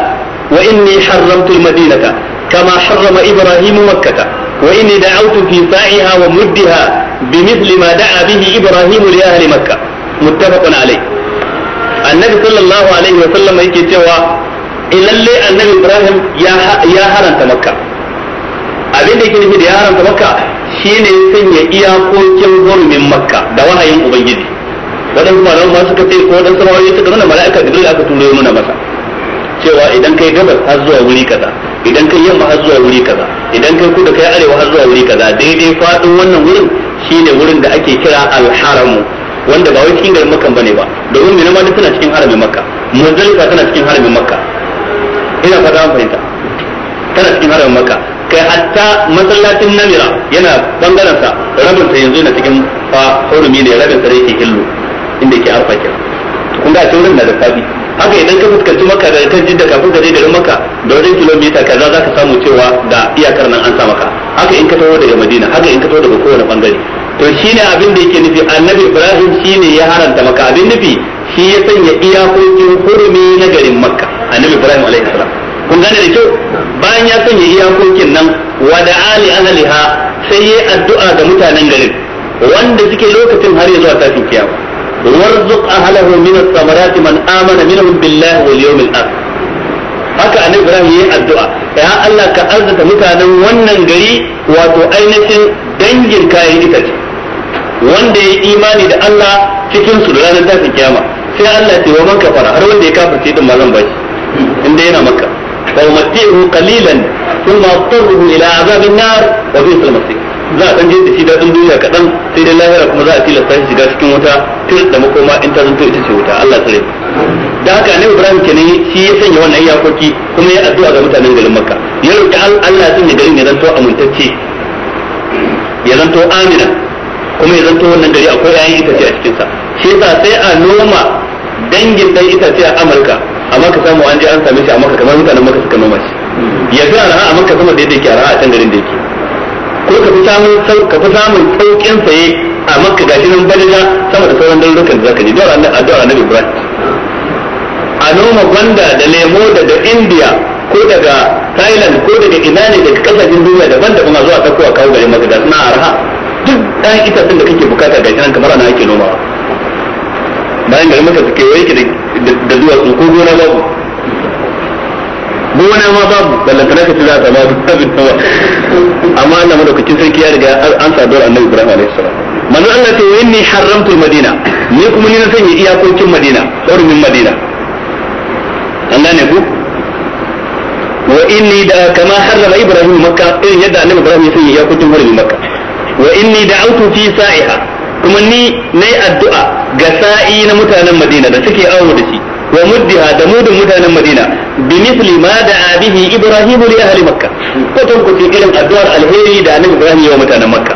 وإني حرمت المدينة كما حرم إبراهيم مكة وإني دعوت في ساعها ومدها بمثل ما دعا به إبراهيم لأهل مكة متفق عليه النبي صلى الله عليه وسلم يكي cewa ilalle eh, annabi ibrahim ya haranta makka abin da yake nufi da ya haranta makka shine sanya iyakokin hurumin makka da wahayin ubangiji wadansu malamu ma suka ce ko wadansu rawayoyi suka nuna mala'ika da aka turo nuna masa cewa idan kai gabas har zuwa wuri kaza idan kai yamma har zuwa wuri kaza idan kai kuda kai arewa har zuwa wuri kaza daidai fadin wannan wurin shine wurin da ake kira al-haramu wanda ba wai cikin garin makka bane ba domin mina ma tana cikin haramin makka muzdalifa tana cikin haramin makka ina fata an fahimta tana cikin harin maka kai hatta masallacin namira yana bangaren sa rabin sa yanzu yana cikin fa hurumi ne rabin sa yake hillu inda yake arfa kira kun ga a cikin da fabi haka idan ka fuskanci maka da kan jidda kafin ka je garin maka da wajen kilomita kaza za ka samu cewa da iyakar nan an sa maka haka in ka taho daga madina haka in ka taho daga kowane bangare to shine abin da yake nufi annabi ibrahim shine ya haranta maka abin nufi shi ya sanya iyakokin hurumi na garin makka annabi ibrahim alaihi salam kun gane da kyau bayan ya sanya iyakokin nan wa da ali ahliha sai yayi addu'a ga mutanen garin wanda suke lokacin har ya zuwa tashin kiyama warzuq ahlahu min ath-thamarati man amana minhum billahi wal yawmil akhir haka annabi ibrahim yayi addu'a ya Allah ka arzika mutanen wannan gari wato ainihin dangin kayan itace wanda ya imani da Allah cikin su ranar tashin kiyama sai Allah ce wa man kafara har wanda ya kafirce din ma zan bashi inda yana makka fa umati'u qalilan thumma adtaruhu ila azab an nar wa bi'sal masir za dan je da dan duniya kadan sai dai lahira kuma za a tilla sai shiga cikin wuta tir da makoma in ta zanto ita ce wuta Allah tsare da haka ne Ibrahim kenan shi ya sanya wannan iyakoki kuma ya addu'a ga mutanen garin Makka ya roki Allah sun ya garin ya zanto amintacce ya zanto amina kuma ya zanto wannan gari akwai ita ce a cikin sa shi yasa sai a noma dangin dan ce a Amurka amma ka samu an je an same shi a maka kamar mutanen maka suka noma shi ya fi araha a maka sama da yadda yake araha a can garin da yake ko ka fi samun ka fi samun saukin saye a maka gashi nan balila sama da sauran dalurukan da zaka je dawar annabi na annabi Ibrahim a noma gwanda da lemo daga India ko daga Thailand ko daga ina ne daga kasashen duniya daban-daban a zuwa takowa kawo garin maka da suna araha duk ɗan itacen da kake bukata gashi nan kamar ana ake nomawa bayan garin maka suke wai ki da da duwatsu ko gona babu gona ma babu ballantana ka ci za a sama abin hawa amma Allah madaukakin sarki ya riga an saduwar annabi Ibrahim alaihi salam manzo Allah ta yi ni haramtu madina ni kuma ni na sanya iyakokin madina tsarumin madina an ne ku wa inni da kama harrama Ibrahim makka irin yadda annabi Ibrahim ya sanya iyakokin hurumin makka wa inni da'utu fi sa'iha kuma ni yi addu'a ga sa'i na mutanen Madina da suke awo da shi wa muddiha da mudun mutanen Madina bi misli ma da bihi Ibrahim li ahli Makka ko tun ku irin addu'ar alheri da Annabi Ibrahim ya wa mutanen Makka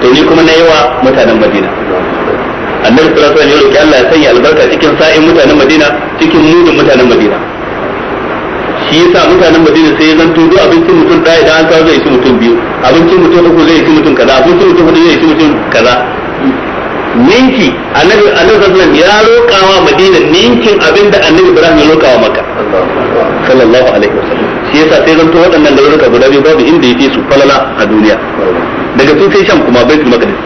to ni kuma yi wa mutanen Madina Annabi sallallahu alaihi wasallam ya Allah ya sanya albarka cikin sa'in mutanen Madina cikin mudun mutanen Madina shi yasa mutanen Madina sai ya zanto duk abincin mutum ɗaya idan an kawo zai ci mutum biyu abincin mutum uku zai ci mutum kaza abincin mutum hudu zai ci mutum kaza ninki annabi annabi sallallahu ya rokawa madina ninkin abinda annabi ibrahim ya rokawa maka sallallahu alaihi wasallam shi yasa sai zanto waɗannan garuruka guda biyu babu inda yake su falala a duniya daga sun sai sham kuma baitul maqdis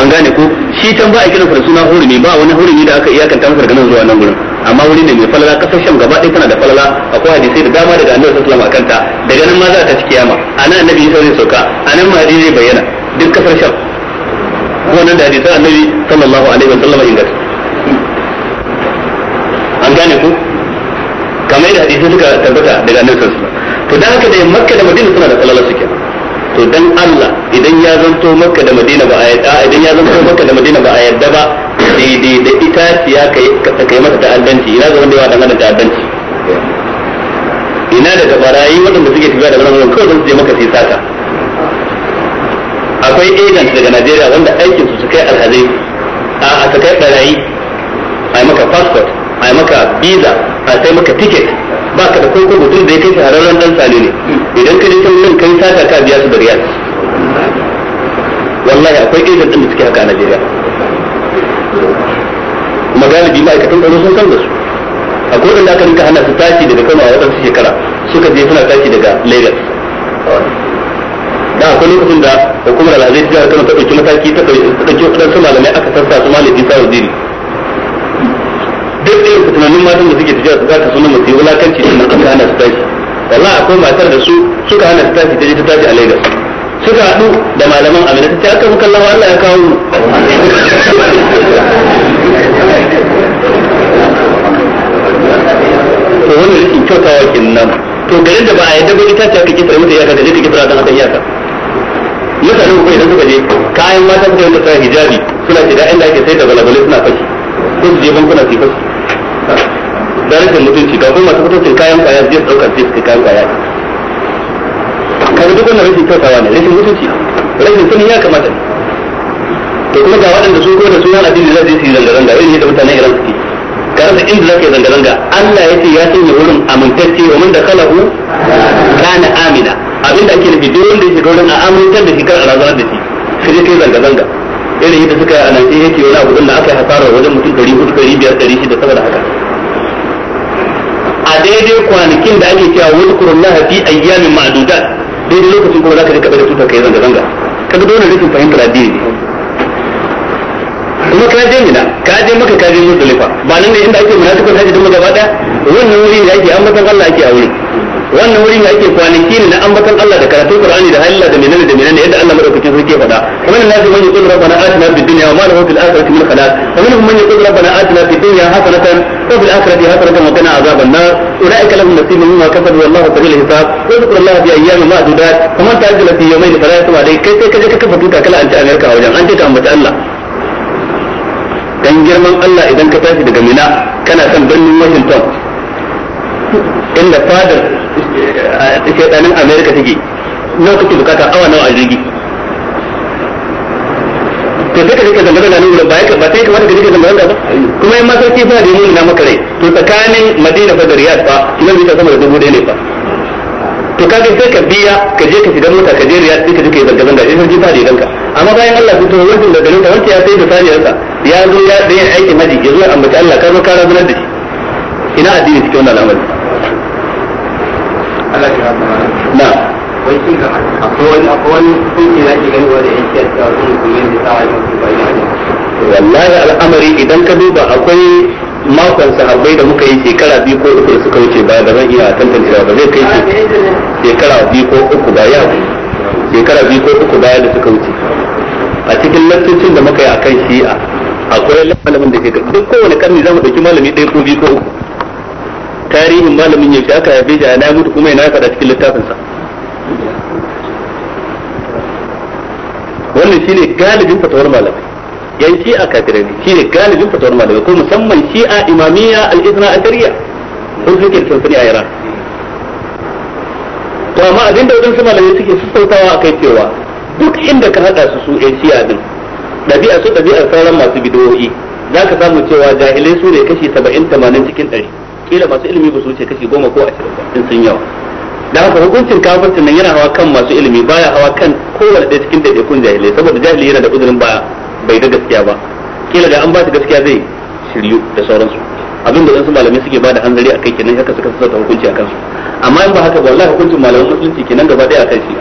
an gane ko shi can ba a kiran da suna hurumi ba wani hurumi da aka iya masa daga ganin zuwa nan gurin amma wuri ne mai falala kasar sham gaba ɗaya tana da falala akwai hadisai da dama daga annabi sallallahu alaihi wasallam akanta daga nan ma za ta ci kiyama anan annabi sai sauka anan mahdi zai bayyana duk kasar sham wannan da hadisan annabi sallallahu alaihi wa sallam inda an gane ku kamar yadda hadisan suka tabbata daga annabi sallallahu alaihi wa to dan haka da makka da madina suna da kalala suke to dan Allah idan ya zanto makka da madina ba a yadda idan ya zanto makka da madina ba a yadda ba daidai da itaciya kai kai mata ta'addanci ina zaman da yawa dan adam ta'addanci ina da barayi waɗanda suke tafiya da wani kawai zan je maka sai sata akwai agent daga Najeriya wanda aikin su su kai alhazai a su kai barayi a yi maka passport a yi maka visa a sai maka ticket ba ka da kwaikwayo mutum da ya kai shahararren dan sani ne idan ka nisan nan kai sata ka biya su da riyal wallahi akwai agent din da suke haka a Najeriya kuma galibi ma'aikatan tsaro sun san da su a kodin da aka rinka hana su tashi daga kano a waɗansu shekara suka je suna tashi daga Lagos da akwai lokacin da hukumar alhazai ta jihar kano ta ɗauki mataki ta ɗauki waɗansu malamai aka sassa su malami sa'u dini duk irin tunanin matan da suke tafiya su zaka suna musu wulakanci da nan aka hana su tashi wallahi akwai matar da su suka hana su tashi ta je ta tashi a Lagos suka haɗu da malaman Amina ta ce aka muka lawa Allah ya kawo mu to wannan shi kyautawa kenan to garin da ba a yadda ba ita ce aka kisa mutu iyaka da je ka kisa dan aka iyaka mutane kuma idan suka je kayan mata suka yi sa hijabi suna da inda ake sai da balabale suna fashi ko su je bankuna su fashi da rashin mutunci ga kuma masu fitattun kayan kwaya zai ɗaukar zai suka kayan kwaya kan duk wannan rashin kyautawa ne rashin mutunci rashin sani ya kamata ne to kuma ga waɗanda su ko da suna addini za su yi zanga-zanga irin yadda mutanen iran suke ka rasa inda za ka yi zanga-zanga Allah ya ce ya sanya wurin amintacce wa man da kalahu kana amina abin da ake nufi duk wanda yake gaurin a amintar da shi kar a razanar da shi sai dai zanga zanga irin yadda suka a nan sai yake wani abu da aka yi hasara wajen mutum 400 500 600 saboda haka a daidai kwanakin da ake cewa wani kurullaha fi yamin ma'adudan daidai lokacin kuma ka je ka bada tutar kai zanga zanga kaga dole rashin fahimtar addini ne kuma ka je mina ka je maka ka je musulifa ba nan ne inda ake munafikan haji duma gaba daya wannan wuri ne ake ambatan Allah ake a wuri wannan wuri ne ake kwanaki ne na ambatan Allah da karatun Qur'ani da halalla da menene da menene yadda Allah madaukakin sarki ya faɗa kuma nan lafi man yaqulu rabbana atina fid dunya wa ma lahu fil akhirati min khalaq wa minhum man yaqulu rabbana atina fid dunya hasanatan wa fil akhirati hasanatan wa qina azaban nar ulaika lahum nasibun mimma kasabu wallahu sabil hisab wa yadhkuru Allah bi ayyamin ma'dudat kuma ta'ajjala yawmayn fala yasma alayka kai sai kaje ka kafa tuta kala an ta amerika wajen an ce ka Allah dan girman Allah idan ka tashi daga Mina kana son birnin Washington inda fadar eh, shaidanin America take nawa kake bukata awa nawa a jirgi to sai ka rike zanga zanga nan ba ka ba sai wata ka rike zanga zanga ba kuma in ma sarki da yi na maka rai to tsakanin Madina fa da Riyadh fa kilomita sama da dubu ɗaya ne ba to kaga sai ka biya ka je ka shiga mota ka je riyad sai ka duka zanga zanga sai sun danka amma bayan Allah sun da ta ya sai da ya zo ya da yin aiki maji ya zo ya ambaci Allah ka zo ka da shi ina addini cikin wannan al'amari Allah ya na wai kin ga akwai wani wani gani yake da wani kuma da ne wallahi al'amari idan ka duba akwai makon sahabbai da muka yi shekara biyu ko uku suka wuce ba da zan iya tantancewa ba zai kai shekara biyu ko uku ba ya shekara biyu ko uku baya da suka wuce a cikin lantocin da muka yi a kan shi'a akwai malamin da ke duk kowane karni za mu ɗauki malami ɗaya ko biyu ko uku tarihin malamin ya fi aka yabe shi a na mutu kuma yana faɗa cikin littafinsa wannan shine galibin fatawar malamai yan shi'a kafirai ne shi ne galibin fatawar malamai ko musamman shi a imamiyya al-isna al-tariya sun suke da sansani a iran to amma abin da wadansu malamai suke sassautawa a kai cewa duk inda ka haɗa su su yan shi'a din ɗabi'a su ɗabi'ar sauran masu bidiyoyi za ka samu cewa jahilai su ne kashi saba'in tamanin cikin ɗari kila masu ilimi ba su wuce kashi goma ko ashirin in sun yawa da haka hukuncin kafircin nan yana hawa kan masu ilimi baya hawa kan kowane ɗaya cikin ɗaiɗaikun jahilai saboda jahilai yana da uzurin baya bai da gaskiya ba kila da an ba shi gaskiya zai shiryu da sauransu abinda wasu malamai suke ba da hanzari a kai kenan haka suka sassa hukunci a kansu amma in ba haka ba wallahi hukuncin malaman musulunci kenan gaba daya a kai shi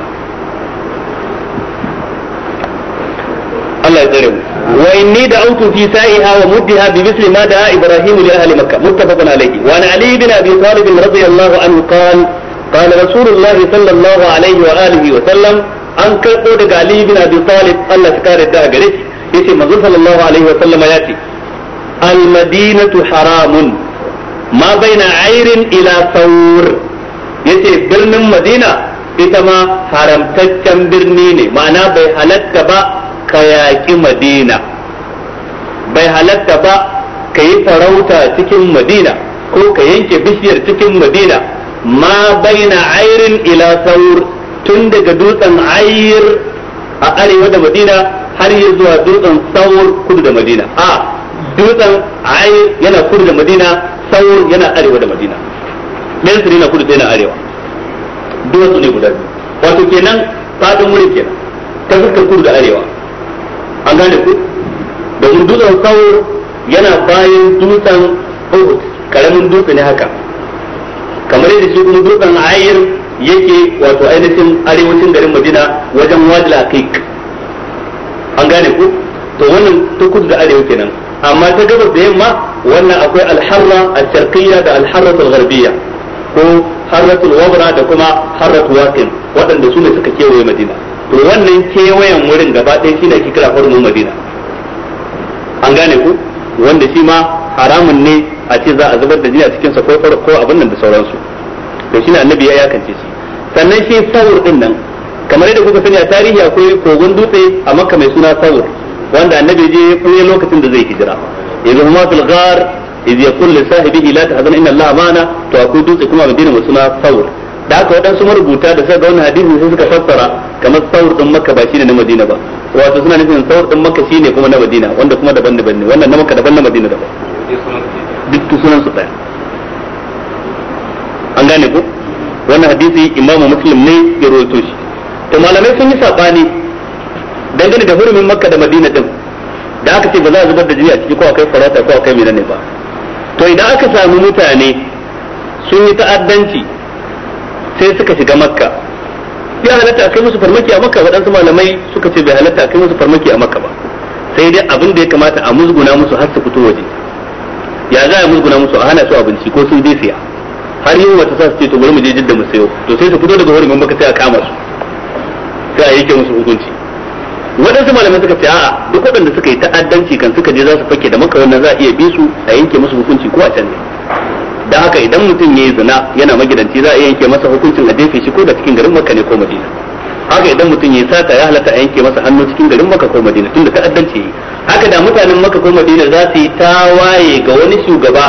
Allah ya tsare mu wa inni da autu fi sa'iha wa muddiha bi misli ma da Ibrahim li ahli Makkah muttafaqun alayhi wa an Ali ibn Abi Talib radiyallahu anhu qala قال رسول الله صلى الله عليه وآله وسلم an karɓo daga Ali bin Abi Talib Allah ya kare da gare shi yace manzo sallallahu alaihi wa sallama ya ce al madinatu haramun ma baina ayrin ila sawr yace birnin madina ita ma haramtaccen birni ne ma'ana bai halatta ba ka yaƙi madina bai halatta ba ka yi farauta cikin madina ko ka yanke bishiyar cikin madina ma baina ayrin ila sawr tun daga dutsen ayir a arewa da madina har yi zuwa dutsen saur kudu da madina a dutsen ai yana kudu da madina saur yana arewa da madina misri na kudu sai na arewa duwatsu ne guda biyu wato kenan fadin wurin kenan ta fuskar kudu da arewa an gane ku domin dutsen saur yana bayan dutsen uhud karamin dutse ne haka kamar yadda shi kuma dutsen ayir yake wato ainihin arewacin garin madina wajen wajila kai an gane ku to wannan ta kudu da arewa kenan amma ta gabas da yamma wannan akwai alharra al-sharqiyya da alharratul gharbiyya ko harratul wabra da kuma harratul waqin waɗanda su ne suka kewaye madina to wannan kewayen wurin gaba ɗaya shine ake kira hurumin madina an gane ku wanda shi ma haramun ne a ce za a zubar da jini a cikin sa ko abin nan da sauransu to shine annabi ya yakance shi sannan shi sawur din nan kamar yadda kuka sani a tarihi akwai kogon dutse a makka mai suna sawur wanda annabi je ya kuye lokacin da zai hijira yanzu kuma fil ghar iz yaqul li sahibi la tahzan inna allaha ma'ana to akwai dutse kuma madina mai suna sawur da aka waɗansu marubuta da suka ga wannan hadisin sai suka fassara kamar sawur din makka ba shi ne na madina ba wato suna nufin sawur din makka shi ne kuma na madina wanda kuma daban-daban ne wannan na makka daban na madina daban duk sunan su ɗaya an gane ku wannan hadisi imamu muslim ne ya rawaito shi to malamai sun yi sabani dangane da hurumin makka da madina din da aka ce ba za a zubar da jini a ciki ko akai farata ko akai ne ba to idan aka samu mutane sun yi ta'addanci sai suka shiga makka ya halatta a kai musu farmaki a makka waɗansu malamai suka ce bai halatta a kai musu farmaki a makka ba sai dai abin da ya kamata a musguna musu har su fito waje ya za a musguna musu a hana su abinci ko sun je siya har yin wata sa su ce to bari mu je jidda mu sayo to sai su fito daga hurumin makka sai a kama su sai a yake musu hukunci waɗansu malamai suka ce a'a duk waɗanda suka yi ta'addanci kan suka je za su fake da maka wannan za a iya bi su a yanke musu hukunci ko a can ne da haka idan mutum ya yi zina yana magidanci za a yanke masa hukuncin a jefe shi ko da cikin garin maka ne ko madina haka idan mutum ya yi sata ya halatta a yanke masa hannu cikin garin maka ko madina tunda ta'addanci yi haka da mutanen maka ko madina za su yi tawaye ga wani shugaba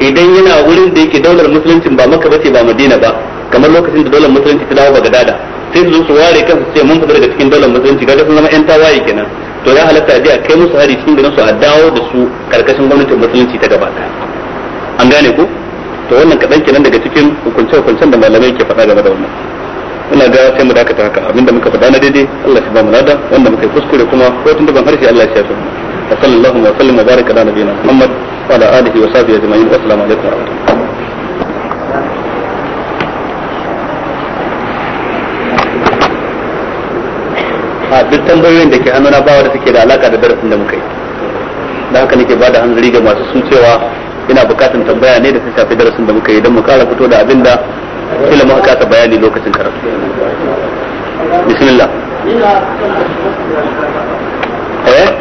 idan yana wurin da yake daular musuluncin ba maka ba ce ba madina ba kamar lokacin da daular musulunci ta dawo dada. sai su su ware kansu sai mun fita daga cikin dalar musulunci ga sun zama yan tawaye kenan to ya halatta a kai musu hari cikin garin su a dawo da su karkashin gwamnatin musulunci ta gaba an gane ku to wannan kadan kenan daga cikin hukunce hukuncen da malamai ke faɗa game da wannan ina ga sai mu dakata haka abinda muka faɗa na daidai Allah shi ba mu nada wanda muka yi kuskure kuma ko tun da ban harshe Allah ya shafe mu sallallahu wa sallam wa baraka ala nabiyina Muhammad wa ala alihi wa sahbihi ajma'in assalamu alaikum wa rahmatullahi amma duk tambayoyin da ke hannuna ba wanda suke da alaka da darasin da muka yi da haka nake bada hanzari ga masu su cewa ina bukatun tambaya ne da su shafi darasin da muka yi don mu kara fito da abin da kila muka kasa bayani lokacin karatu bismillah eh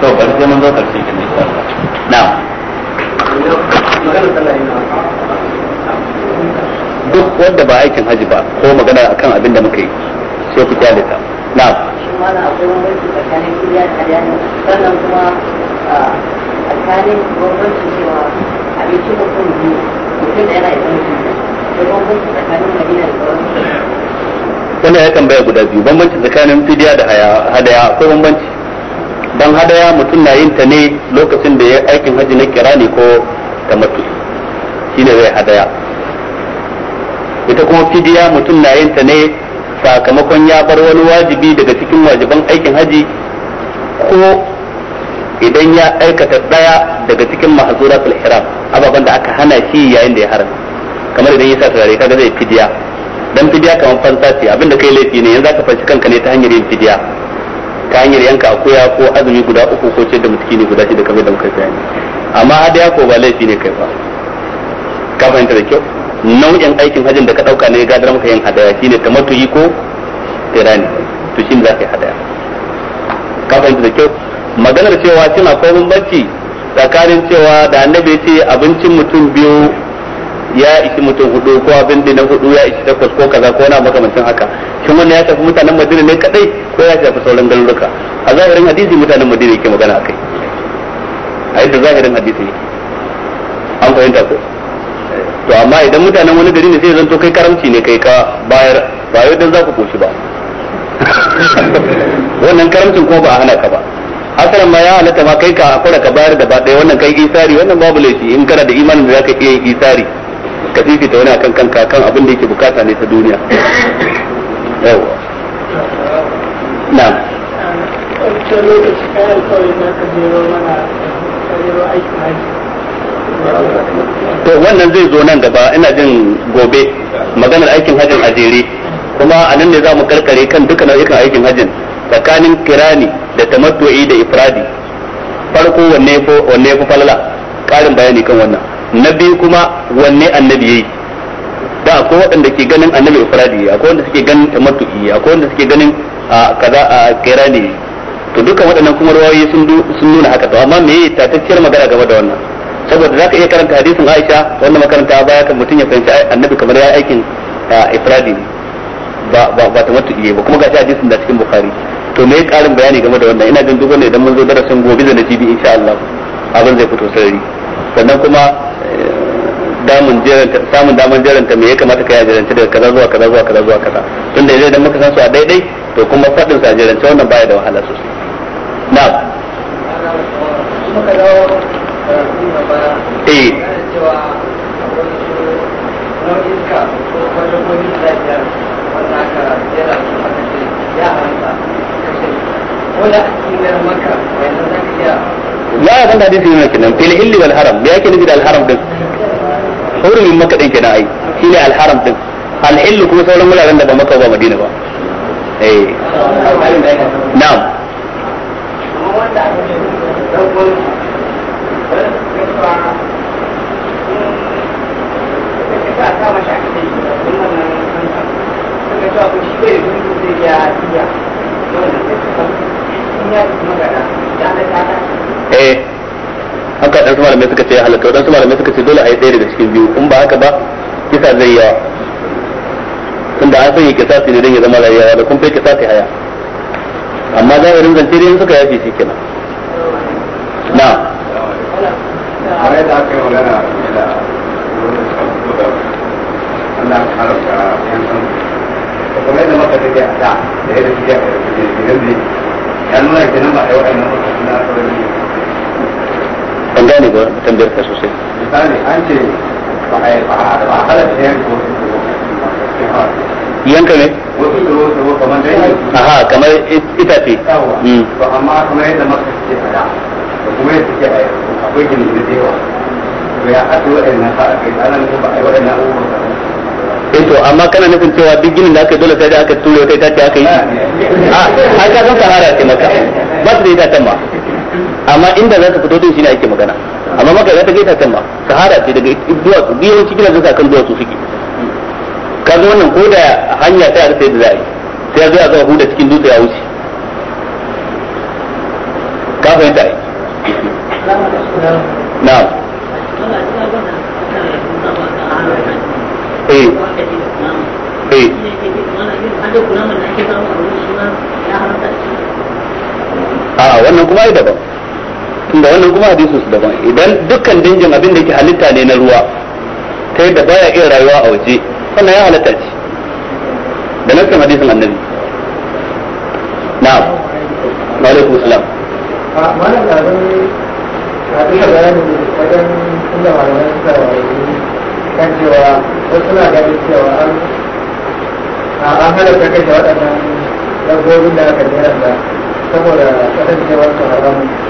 to bari sai mun zo karshe kin insha Allah na'am duk wanda ba aikin haji ba ko magana akan abin da muka yi sai ku kyale ta na kuma da da wannan ya tambaya guda biyu bambanci tsakanin fidiya da hadaya ko bambanci don hadaya mutum na yin ta ne lokacin da ya aikin hajji na kirani ko ta shi shine zai hadaya ita kuma fidiya mutum na yin ta ne sakamakon ya bar wani wajibi daga cikin wajiban aikin haji ko idan ya aikata daya daga cikin mahzuratul ihram ababan da aka hana shi yayin da ya haram kamar idan ya sa tare kaga zai fidiya dan fidiya kamar fansa ce abinda kai laifi ne yanzu aka fanci kanka ne ta hanyar yin fidiya ta hanyar yanka akuya ko azumi guda uku ko ce da miskini guda shi da kamar da muka sani amma ya ko ba laifi ne kai ba ka fahimta da kyau nau'in aikin hajjin da ka dauka ne gadar maka yin hadaya shine matuyi ko tirani to shine za ka yi hadaya ka fahimta da kyau maganar cewa cin akwai barci tsakanin cewa da annabi ce abincin mutum biyu ya ishi mutum hudu ko abin da na hudu ya ishi takwas ko kaza ko na makamancin haka shin wannan ya shafi mutanen madina ne kadai ko ya shafi sauran garuruka a zahirin hadisi mutanen madina ke magana akai a yadda zahirin hadisi ne an fahimta ko to amma idan mutanen wani gari ne sai zanto kai karamci ne kai ka bayar ba yau dan za ku koshi ba wannan karamcin kuma ba a hana ka ba asalin ma ya halatta ma kai ka hakura ka bayar da ba ɗaya wannan kai isari wannan babu laifi in kana da imanin da zaka iya yin isari ka fifita wani akan kanka kan abin da yake bukata ne ta duniya yawa na'am lokaci kayan kawai na ka jero mana ka jero aiki to wannan zai zo nan gaba ina jin gobe maganar aikin hajjin a jere kuma a nan ne za mu karkare kan duka nau'ikan aikin hajjin tsakanin kirani da tamattu'i da ifradi farko wanne ko wanne ko falala karin bayani kan wannan na biyu kuma wanne annabi yayi da akwai waɗanda ke ganin annabi ifradi akwai wanda suke ganin tamattu'i akwai wanda suke ganin kaza a kirani to dukan waɗannan kuma ruwayoyi sun nuna haka to amma me yi tatacciyar magana game da wannan saboda ka iya karanta hadisin Aisha wanda makaranta baya kan mutum ya fahimci annabi kamar ya aikin ifradi ba ba ba ta mutu ba kuma gashi hadisin da cikin Bukhari to me karin bayani game da wannan ina jin duk wanda idan mun zo darasin gobe da najibi insha Allah abin zai fito sarari sannan kuma eh, damun jeranta samun damun jeranta me ya kamata ka yi jeranta daga kaza zuwa kaza zuwa kaza zuwa kaza tunda da idan muka san su a daidai to kuma fadin sa jeranta wannan baya da wahala sosai na'am eh ya ya san hadisi ne kenan fil hilli wal haram me yake nufi da alharam haram din hurumin maka din kenan ai shine al haram din al hillu kuma sauran wuraren da ba maka ba madina ba eh na'am malamai suka ce ya halatta waɗansu malamai suka ce dole a yi ɗaya daga cikin biyu in ba haka ba kisa zai yawa tunda an sanya kisasi ne don ya zama rayuwa da kun fai kisasi haya amma zahirin zance dai suka yafe shi kenan na ya nuna kenan ba a yi waɗannan na gane ba tambayar ka sosai an ce ba halatta yanka yanka ne aha kamar itace mm. to amma kamar yadda maka ke fada kuma yadda ke akwai gini da yawa to ya haɗu waɗannan sa'a kai tsanan ko ba a yi waɗannan abubuwan eh to amma kana nufin cewa duk ginin da aka dole sai da aka ture kai ta aka yi a ah, ka san sahara ce maka ba su da ita amma inda za ka fito din ne ake magana amma maka ya ta gaita kan ma sahara ce daga duwatsu biyawanci da sa kan duwatsu suke zo wannan ko da hanya ta arsa da zai yi sai ya zo a da huda cikin dutse ya wuce ka fahimta ai na'am eh eh a ah, wannan kuma ai daban tunda wannan kuma hadisin su daban idan dukkan dangin abin da yake halitta ne na ruwa ta yadda baya iya rayuwa a waje wannan ya halitta ce da nan hadisin annabi na'am wa alaikum salam malam da ban a duka bayani wajen inda da suka kan cewa wasu na ganin cewa an an halatta kashe waɗannan dabbobin da aka jera da saboda kasancewar su haramun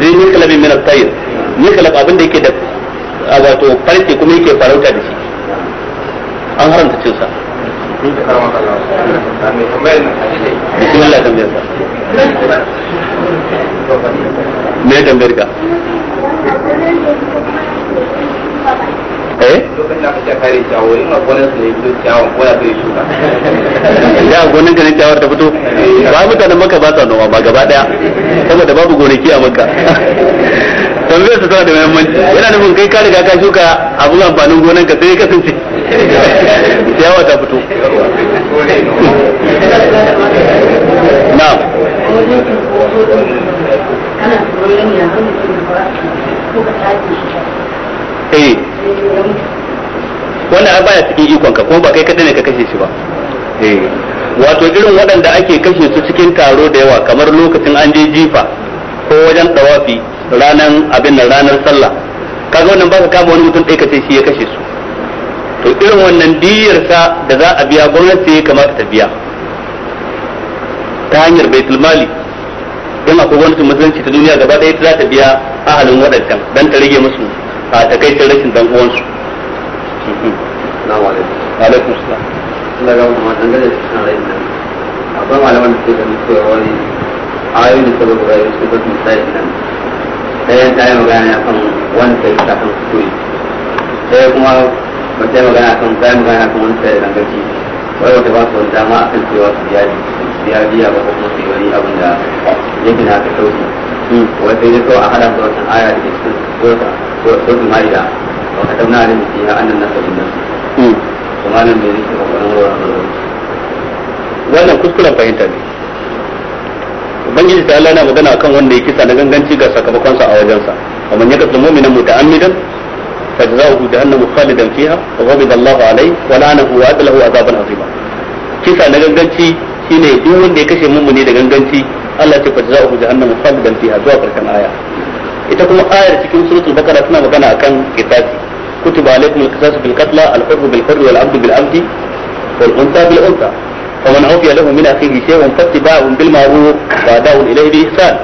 zini kalabi mina al ni kalab abin da yake da wato farce kuma yake farauta da shi an haramta cin sa bismillah tambayar ka me tambayar ka eh lokacin da kake kare su ne ko bai shuka ya gonar ka ne kyawar ta fito ba mutanen maka ba sa noma ba gaba daya saboda babu gonaki a maka tambayar su tana da muhimmanci yana nufin kai ka riga ka shuka abin amfanin gonan ka sai kasance ciyawa ta fito na'am ana tsoron ya zama ko ka tashi wannan baya cikin ikon ka kuma ba kai kadai ne ka kashe shi ba eh, wato irin waɗanda ake kashe su cikin taro da yawa kamar lokacin an je jifa ko wajen ɗawafi ranar abin da ranar sallah kaga wannan ba ka kama wani mutum ɗaya ka ce shi ya kashe su to irin wannan diyar da za a biya gwamnati ya kamata ta biya ta hanyar baitul mali in akwai gwamnatin musulunci ta duniya gaba ɗaya ta za ta biya ahalin waɗancan don ta rage musu a takaicin rashin dan uwansu alaikum salam Allah ga kuma dan gaje da ganin cewa wani ayoyin da suka guda yau suka misali nan ɗayan ta yi magana a kan wani ta yi kafin kuskure kuma ba ta magana a kan ta yi magana a kan wani ta yi wai wata ba su wani dama a kan cewa su biya biya biya ba kuma su yi wani abin da yake na ka sauki hmm. wai sai dai kawai a hada da wata aya da ke cikin kotun haida da mutum ya annan nasarin nan kuma nan da yake kwakwaron ruwa na ruwa wannan kuskuren fahimta ne ubangiji ta Allah na magana akan wanda ya kisa na ganganci ga sakamakonsa a wajen sa kuma ya kasu mu'minin muta'ammidan fajzahu jahannamu khalidan fiha wa ghadiba Allah alayhi wa la'anahu wa atlahu azaban azima kisa na ganganci shine duk wanda ya kashe mummuni da ganganci Allah ta ya ce fajzahu jahannamu khalidan fiha zuwa karkan aya ita kuma ayar cikin suratul bakara tana magana akan kitabi kutiba alaykum alqisas bil qatl al-hurr bil hurr wal 'abd bil 'abd wal unta bil unsa faman ufiya lahu min akhihi shay'un fattiba'un bil ma'ruf wa da'un ilayhi bi ihsan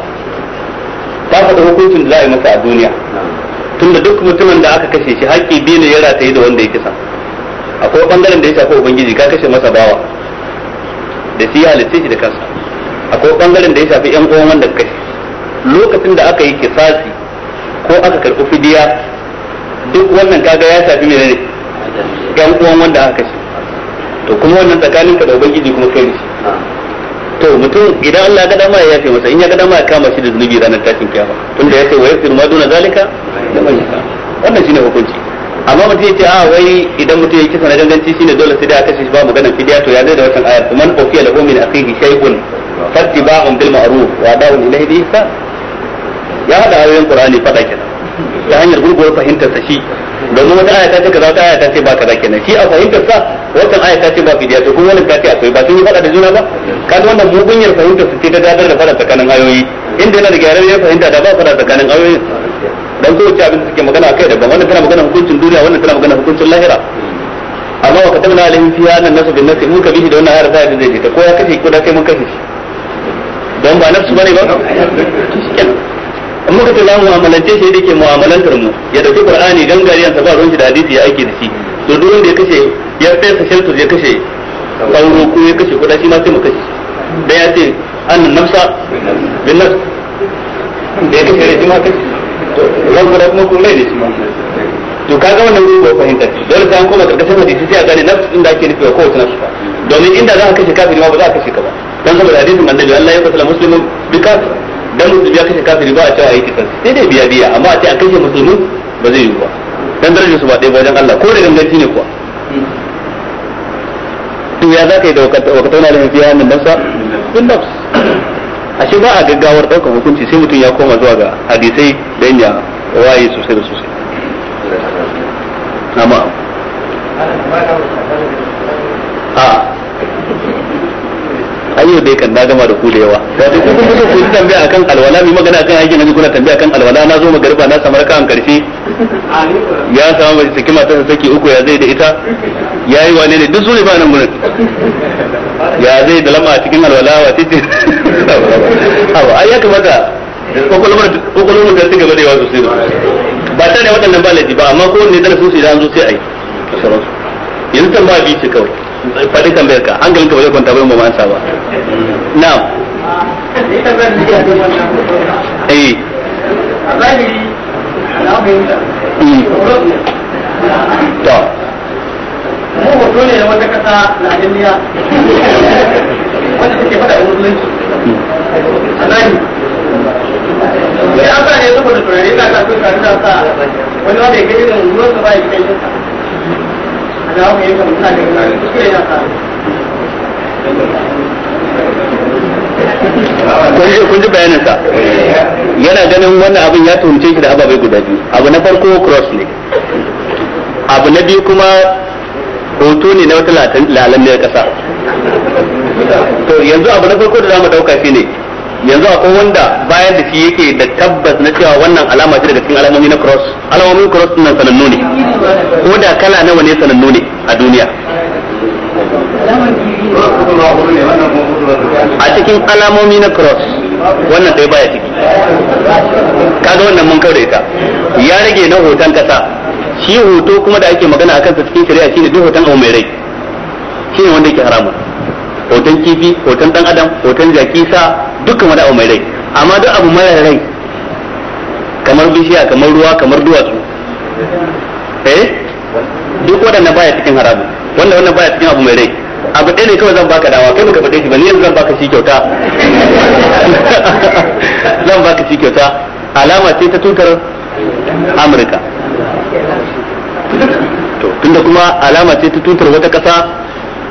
ta faɗa hukuncin da za a yi masa a duniya tunda duk mutumin da aka kashe shi haƙƙi biyu ne ya rataye da wanda ya kisa akwai bangaren da ya shafi ubangiji ka kashe masa bawa da shi ya halitta shi da kansa akwai bangaren da ya shafi yan uwan wanda ka kashe lokacin da aka yi kisasi ko aka karɓi fidiya duk wannan kaga ya shafi mai ne ɗan uwan wanda aka kashe to kuma wannan tsakanin ka da ubangiji kuma kai shi to mutum idan Allah ya ga dama ya yafe masa in ya ga dama ya kama shi da zunubi ranar tashin kiyama tunda ya ce wa yafiru ma duna zalika wannan shine hukunci amma mutum ya ce a ah, wai idan mutum ya kisa na ganganci shine dole sai da aka kashe shi ba maganar fidiya to ya zai da wannan ayar kuma ofiya lahu min akhihi shay'un fattiba'un bil ma'ruf wa da'un ilayhi ihsan ya hada ayoyin qur'ani fada kenan ta hanyar gurgurar fahimtar sa shi domin wata aya ta ce kaza wata aya ta ce ba kaza kenan shi a fahimtar sa wata aya ta ce ba fidiya to kuma wannan ta ce akwai ba sun yi fada da juna ba kaga wannan mugunyar fahimtar su ce ta dadar da fada tsakanin ayoyi inda yana da gyararriyar fahimta da ba fada tsakanin ayoyi dan ko ce abin da suke magana kai daban wannan tana magana hukuncin duniya wannan tana magana hukuncin lahira amma wa katabna alaihim fiha annan nasu bin nasu mun bihi da wannan ayar ta zai ta ko ya kashe ko da kai mun kashe don ba nafsu bane ba in muka ce zamu mu'amalance shi da ke mu'amalantar mu ya dauki qur'ani gangariyan sa ba ruwan shi da hadisi ya aike da shi to duk wanda ya kashe ya fesa shelter ya kashe sauro ko ya kashe kuɗa shi ma sai mu kashe da ya ce an nafsa bin nafs da ya kashe shi ma kashe to ran kuma kuma ne shi ma to kaga wannan ne ba fahimta dole sai an koma karkashin hadisi sai a gane nafs din da ake nufi ko wata nafs domin inda za ka kashe kafiri ma ba za ka kashe ka ba dan saboda hadisin annabi Allah ya fasala muslimin bi kafir dan musulmi ya kashe kafiri ba a cewa ayi kisan sai dai biya biya amma a ce a kashe musulmi ba zai yi ba dan darajar su ba ɗaya wajen Allah ko da ganganci ne kuwa to ya zaka yi da wakata wani alamin biya min nafsa bin nafs ashe ba a gaggawar ɗaukar hukunci sai mutum ya koma zuwa ga hadisai dan ya waye sosai da sosai na'am ayyo dai kan na gama da ku da yawa wato ku kun so ku yi tambaya akan alwala mai magana akan aikin haji kuna tambaya akan alwala na zo magariba na samar kan karfi ya samu mai saki mata ta saki uku ya zai da ita ya yi wane ne duk ne ba nan gurin ya zai da lama a cikin alwala wa titi awa ai ya kamata kokolomar da gaba da yawa sosai ba ba ta da waɗannan ba laifi ba amma kowanne darasin su idan an zo sai ai yanzu tambaya biyu ce kawai faɗi tambayar ka hankalinka ba zai kwanta ba ba ba eh hmm. to mu hoto ne wata kasa na duniya wanda take fada musulunci hmm. a nani sai an sa ne saboda turare da ta ko ka sa wani wanda ya gani da ruwan sa ba ya kai kun ji bayaninsa yana ganin wannan abin ya tuhumce shi da ababe guda biyu abu na farko cross ne abu na biyu kuma hoto ne na wata lalamiyar kasa to yanzu abu na farko da za mu dauka shi ne yanzu akwai wanda bayan da shi yake da tabbas na cewa wannan alama ce daga cikin alamomi na cross alamomin cross nan sanannu ne ko da kala nawa ne sanannu ne a duniya a cikin alamomi na cross wannan ɗaya baya ciki kaga wannan mun kaure ita ya rage na hoton kasa shi hoto kuma da ake magana akan sa cikin shari'a shine duk hoton abu mai rai shine wanda yake haramun hoton kifi hoton dan adam hoton jaki sa dukkan wani abu mai rai amma duk abu mara rai kamar bishiya kamar ruwa kamar duwatsu eh duk wadannan baya cikin haramu wanda wannan baya cikin abu mai rai abu ɗaya ne kawai zan baka dawa kai baka faɗe shi ba ni yanzu zan baka shi kyauta zan baka shi kyauta alama ce ta tutar amurka tunda kuma alama ce ta tutar wata kasa.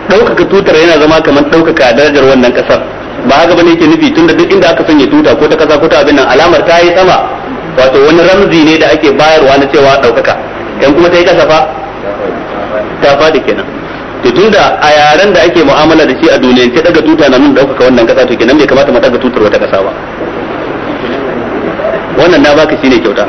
ɗaukaka tutar yana zama kamar ɗaukaka darajar wannan ƙasar ba haka bane yake nufi tunda duk inda aka sanya tuta ko ta ƙasa ko ta abin nan alamar ta yi sama wato wani ramzi ne da ake bayarwa na cewa ɗaukaka dan kuma ta yi ƙasa fa ta faɗi kenan to tunda a yaren da ake mu'amala da shi a duniya sai daga tuta na nun ɗaukaka wannan ƙasa to kenan bai kamata mu daga tutar wata ƙasa ba wannan na baka shine kyauta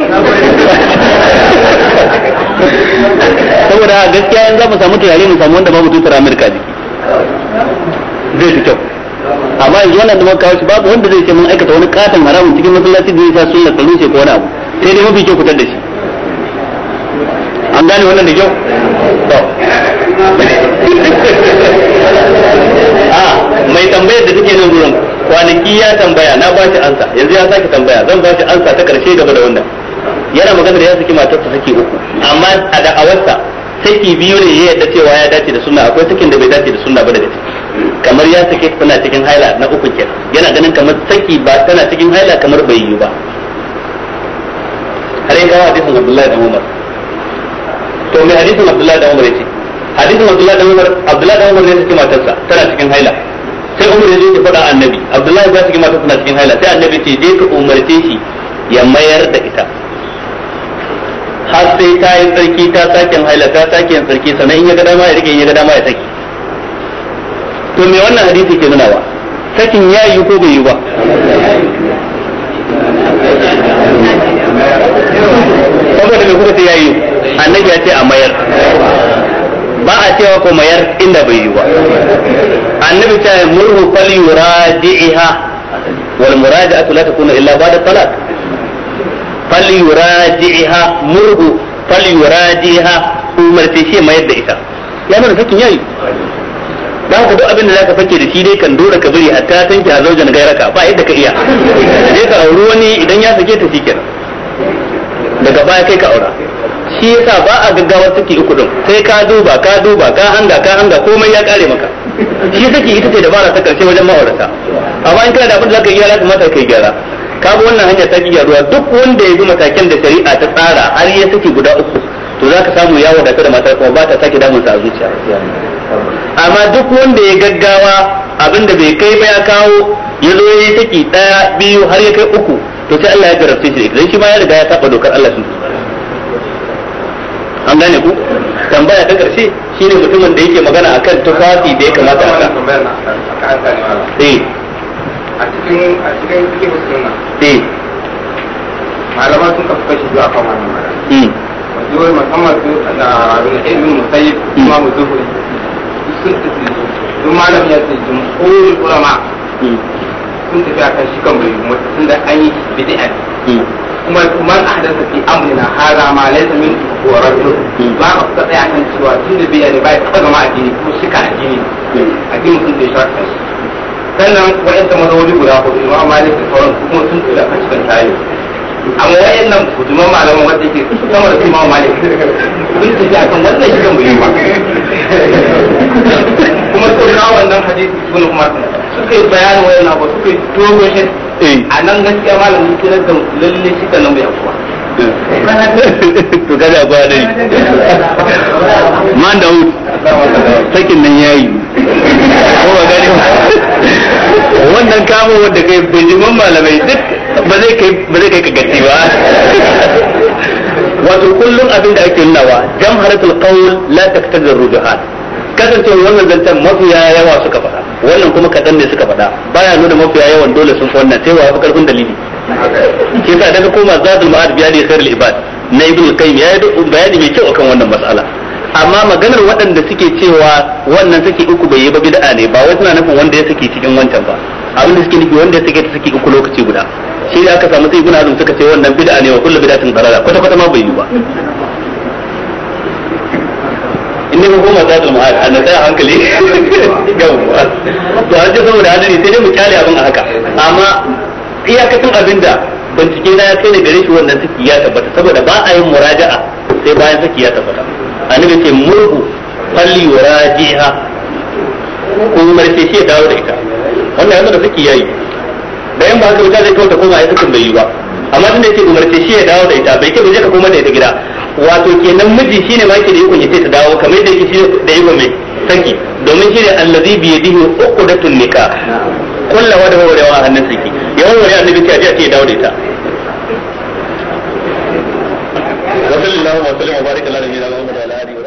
saboda gaskiya yanzu mu samu turare mu samu wanda babu tutar amurka ne zai fi kyau amma yanzu wannan da kawo shi babu wanda zai ce mun aikata wani katon haramun cikin masallaci da sa sunna ta rushe ko wani abu sai dai mafi kyau fitar da shi an gane wannan da kyau a ah, mai tambayar da take nan gurin kwanaki ya tambaya na ba shi ansa yanzu ya sake tambaya zan ba shi ansa ta karshe gaba da wannan yana magana da ya saki matar ta saki uku amma a da'awarsa saki biyu ne ya yadda cewa ya dace da sunna akwai sakin da bai dace da sunna ba daga ciki kamar ya saki tana cikin haila na uku ke yana ganin kamar saki ba tana cikin haila kamar bai yi ba har yin kawo hadisin abdullahi da umar to mai hadisin abdullahi da umar ya ce hadisin abdullahi da umar abdullahi da umar ne saki matarsa tana cikin haila sai umar ya je ya faɗa annabi abdullahi ya saki matarsa tana cikin haila sai annabi ce je ka umarce shi ya mayar da ita har sai ta yi sarki ta sake haila ta sake yin sarki sannan in ya ga dama ya rike in ya ga dama ya saki to me wannan hadisi ke nuna ba sakin ya yi ko bai yi ba kuma da kuka ce ya yi annabi ya ce a mayar ba a cewa ko mayar inda bai yi ba annabi ta yi murhu fal yuradiha wal muraja'atu la takunu illa ba'da salat falyuraji'ha murhu umar umarce shi mayar da ita ya nuna sakin yayi da ku duk abin da zaka fake da shi dai kan dora ka bari hatta san ki hazaujan gairaka ba yadda ka iya dai ka auri wani idan ya sake ta shikenan daga baya kai ka aura shi yasa ba a gaggawar saki uku din sai ka duba ka duba ka hanga ka hanga komai ya kare maka shi saki ita ce dabara ta karshe wajen ma'aurata amma in kana da abin da zaka iya lafi mata kai gyara kaga wannan hanya ta ki yaduwa duk wanda ya bi matakin da shari'a ta tsara har ya saki guda uku to za ka samu ya wadata da matar kuma ba ta sake damun sa a zuciya amma duk wanda ya gaggawa da bai kai ba ya kawo ya zo ya saki daya biyu har ya kai uku to sai Allah ya garabce shi dan shi ma ya riga ya saba dokar Allah sun an gane ku tambaya ta karshe shine mutumin da yake magana akan tufafi da ya kamata a a cikin a cikin cikin sunna eh malaman sun kafa kashi zuwa kan wannan mara hmm. wajen musamman su da abin ilmin musayyib kuma hmm. mu zuhuri sun tafi duk malam ya ce jumhurul ulama hmm. sun tafi kan shi kan bai mutu tunda an yi bid'a kuma man ahdasa fi amrina hada ma laysa min wa rajul ba ka tsaya kan cewa tunda bai ne ba ya taba zama addini a shika addini addini sun da shi sannan wa'in ta mazauri guda hudu ma malik da sauran su kuma sun tsira kan cikin tayi amma wa'in nan kuduman malaman wanda ke sama da imam malik sun tafi a kan wannan shigan bai ba kuma su na wannan hadisi su kuma suka yi bayanin wa'in abu suka yi dogon shi eh. a nan gaskiya malamin kiran da lalle shi nan bai afuwa to kada ba dai man da hut sakin nan yayi ko ba gani wannan kamo wanda kai bijimin malamai duk ba zai kai ba zai kai ka gaci ba wato kullum abin da ake nawa jamharatul qawl la taqtadir rujuhat kasance wannan zantan mafiya yawa suka faɗa wannan kuma kadan ne suka faɗa baya nuna mafiya yawan dole sun fi wannan sai wa fi karfin dalili ke sa daga koma zadul ma'ad biya ne khairul ibad na ibn al qayyim ya yi bayani mai kyau akan wannan mas'ala amma maganar waɗanda suke cewa wannan saki uku bai yi ba bid'a ne ba wai suna nufin wanda ya saki cikin wancan ba abin da suke nufi wanda ya saki ta saki uku lokaci guda shi da aka samu sai ibn azum suka ce wannan bid'a ne wa kullu bid'atin dalala kwata kwata ma bai yi ba in ne goma za ta mu'ad an tsaya hankali ga yawwa to an ji saboda hadari sai dai mu kyale abin a haka amma iyakacin abinda bincike na ya kai ne gare shi wannan saki ya tabbata saboda ba a yin muraja'a sai bayan saki ya tabbata annabi ce murhu falli warajiha ko umarce shi ya dawo da ita wannan yanzu da saki yayi da yan ba haka wuta zai ta koma a sakin bai yi ba amma tun da yake umarce shi ya dawo da ita bai ce ba zai ka koma da ita gida wato kenan miji shine ma yake da ikon ya ce ta dawo kamar yadda yake shi da ikon mai saki domin shi ne allazi bi yadihi uqdatun nikah kullawa da wawarewa a hannun sake yawan wani a ce da ita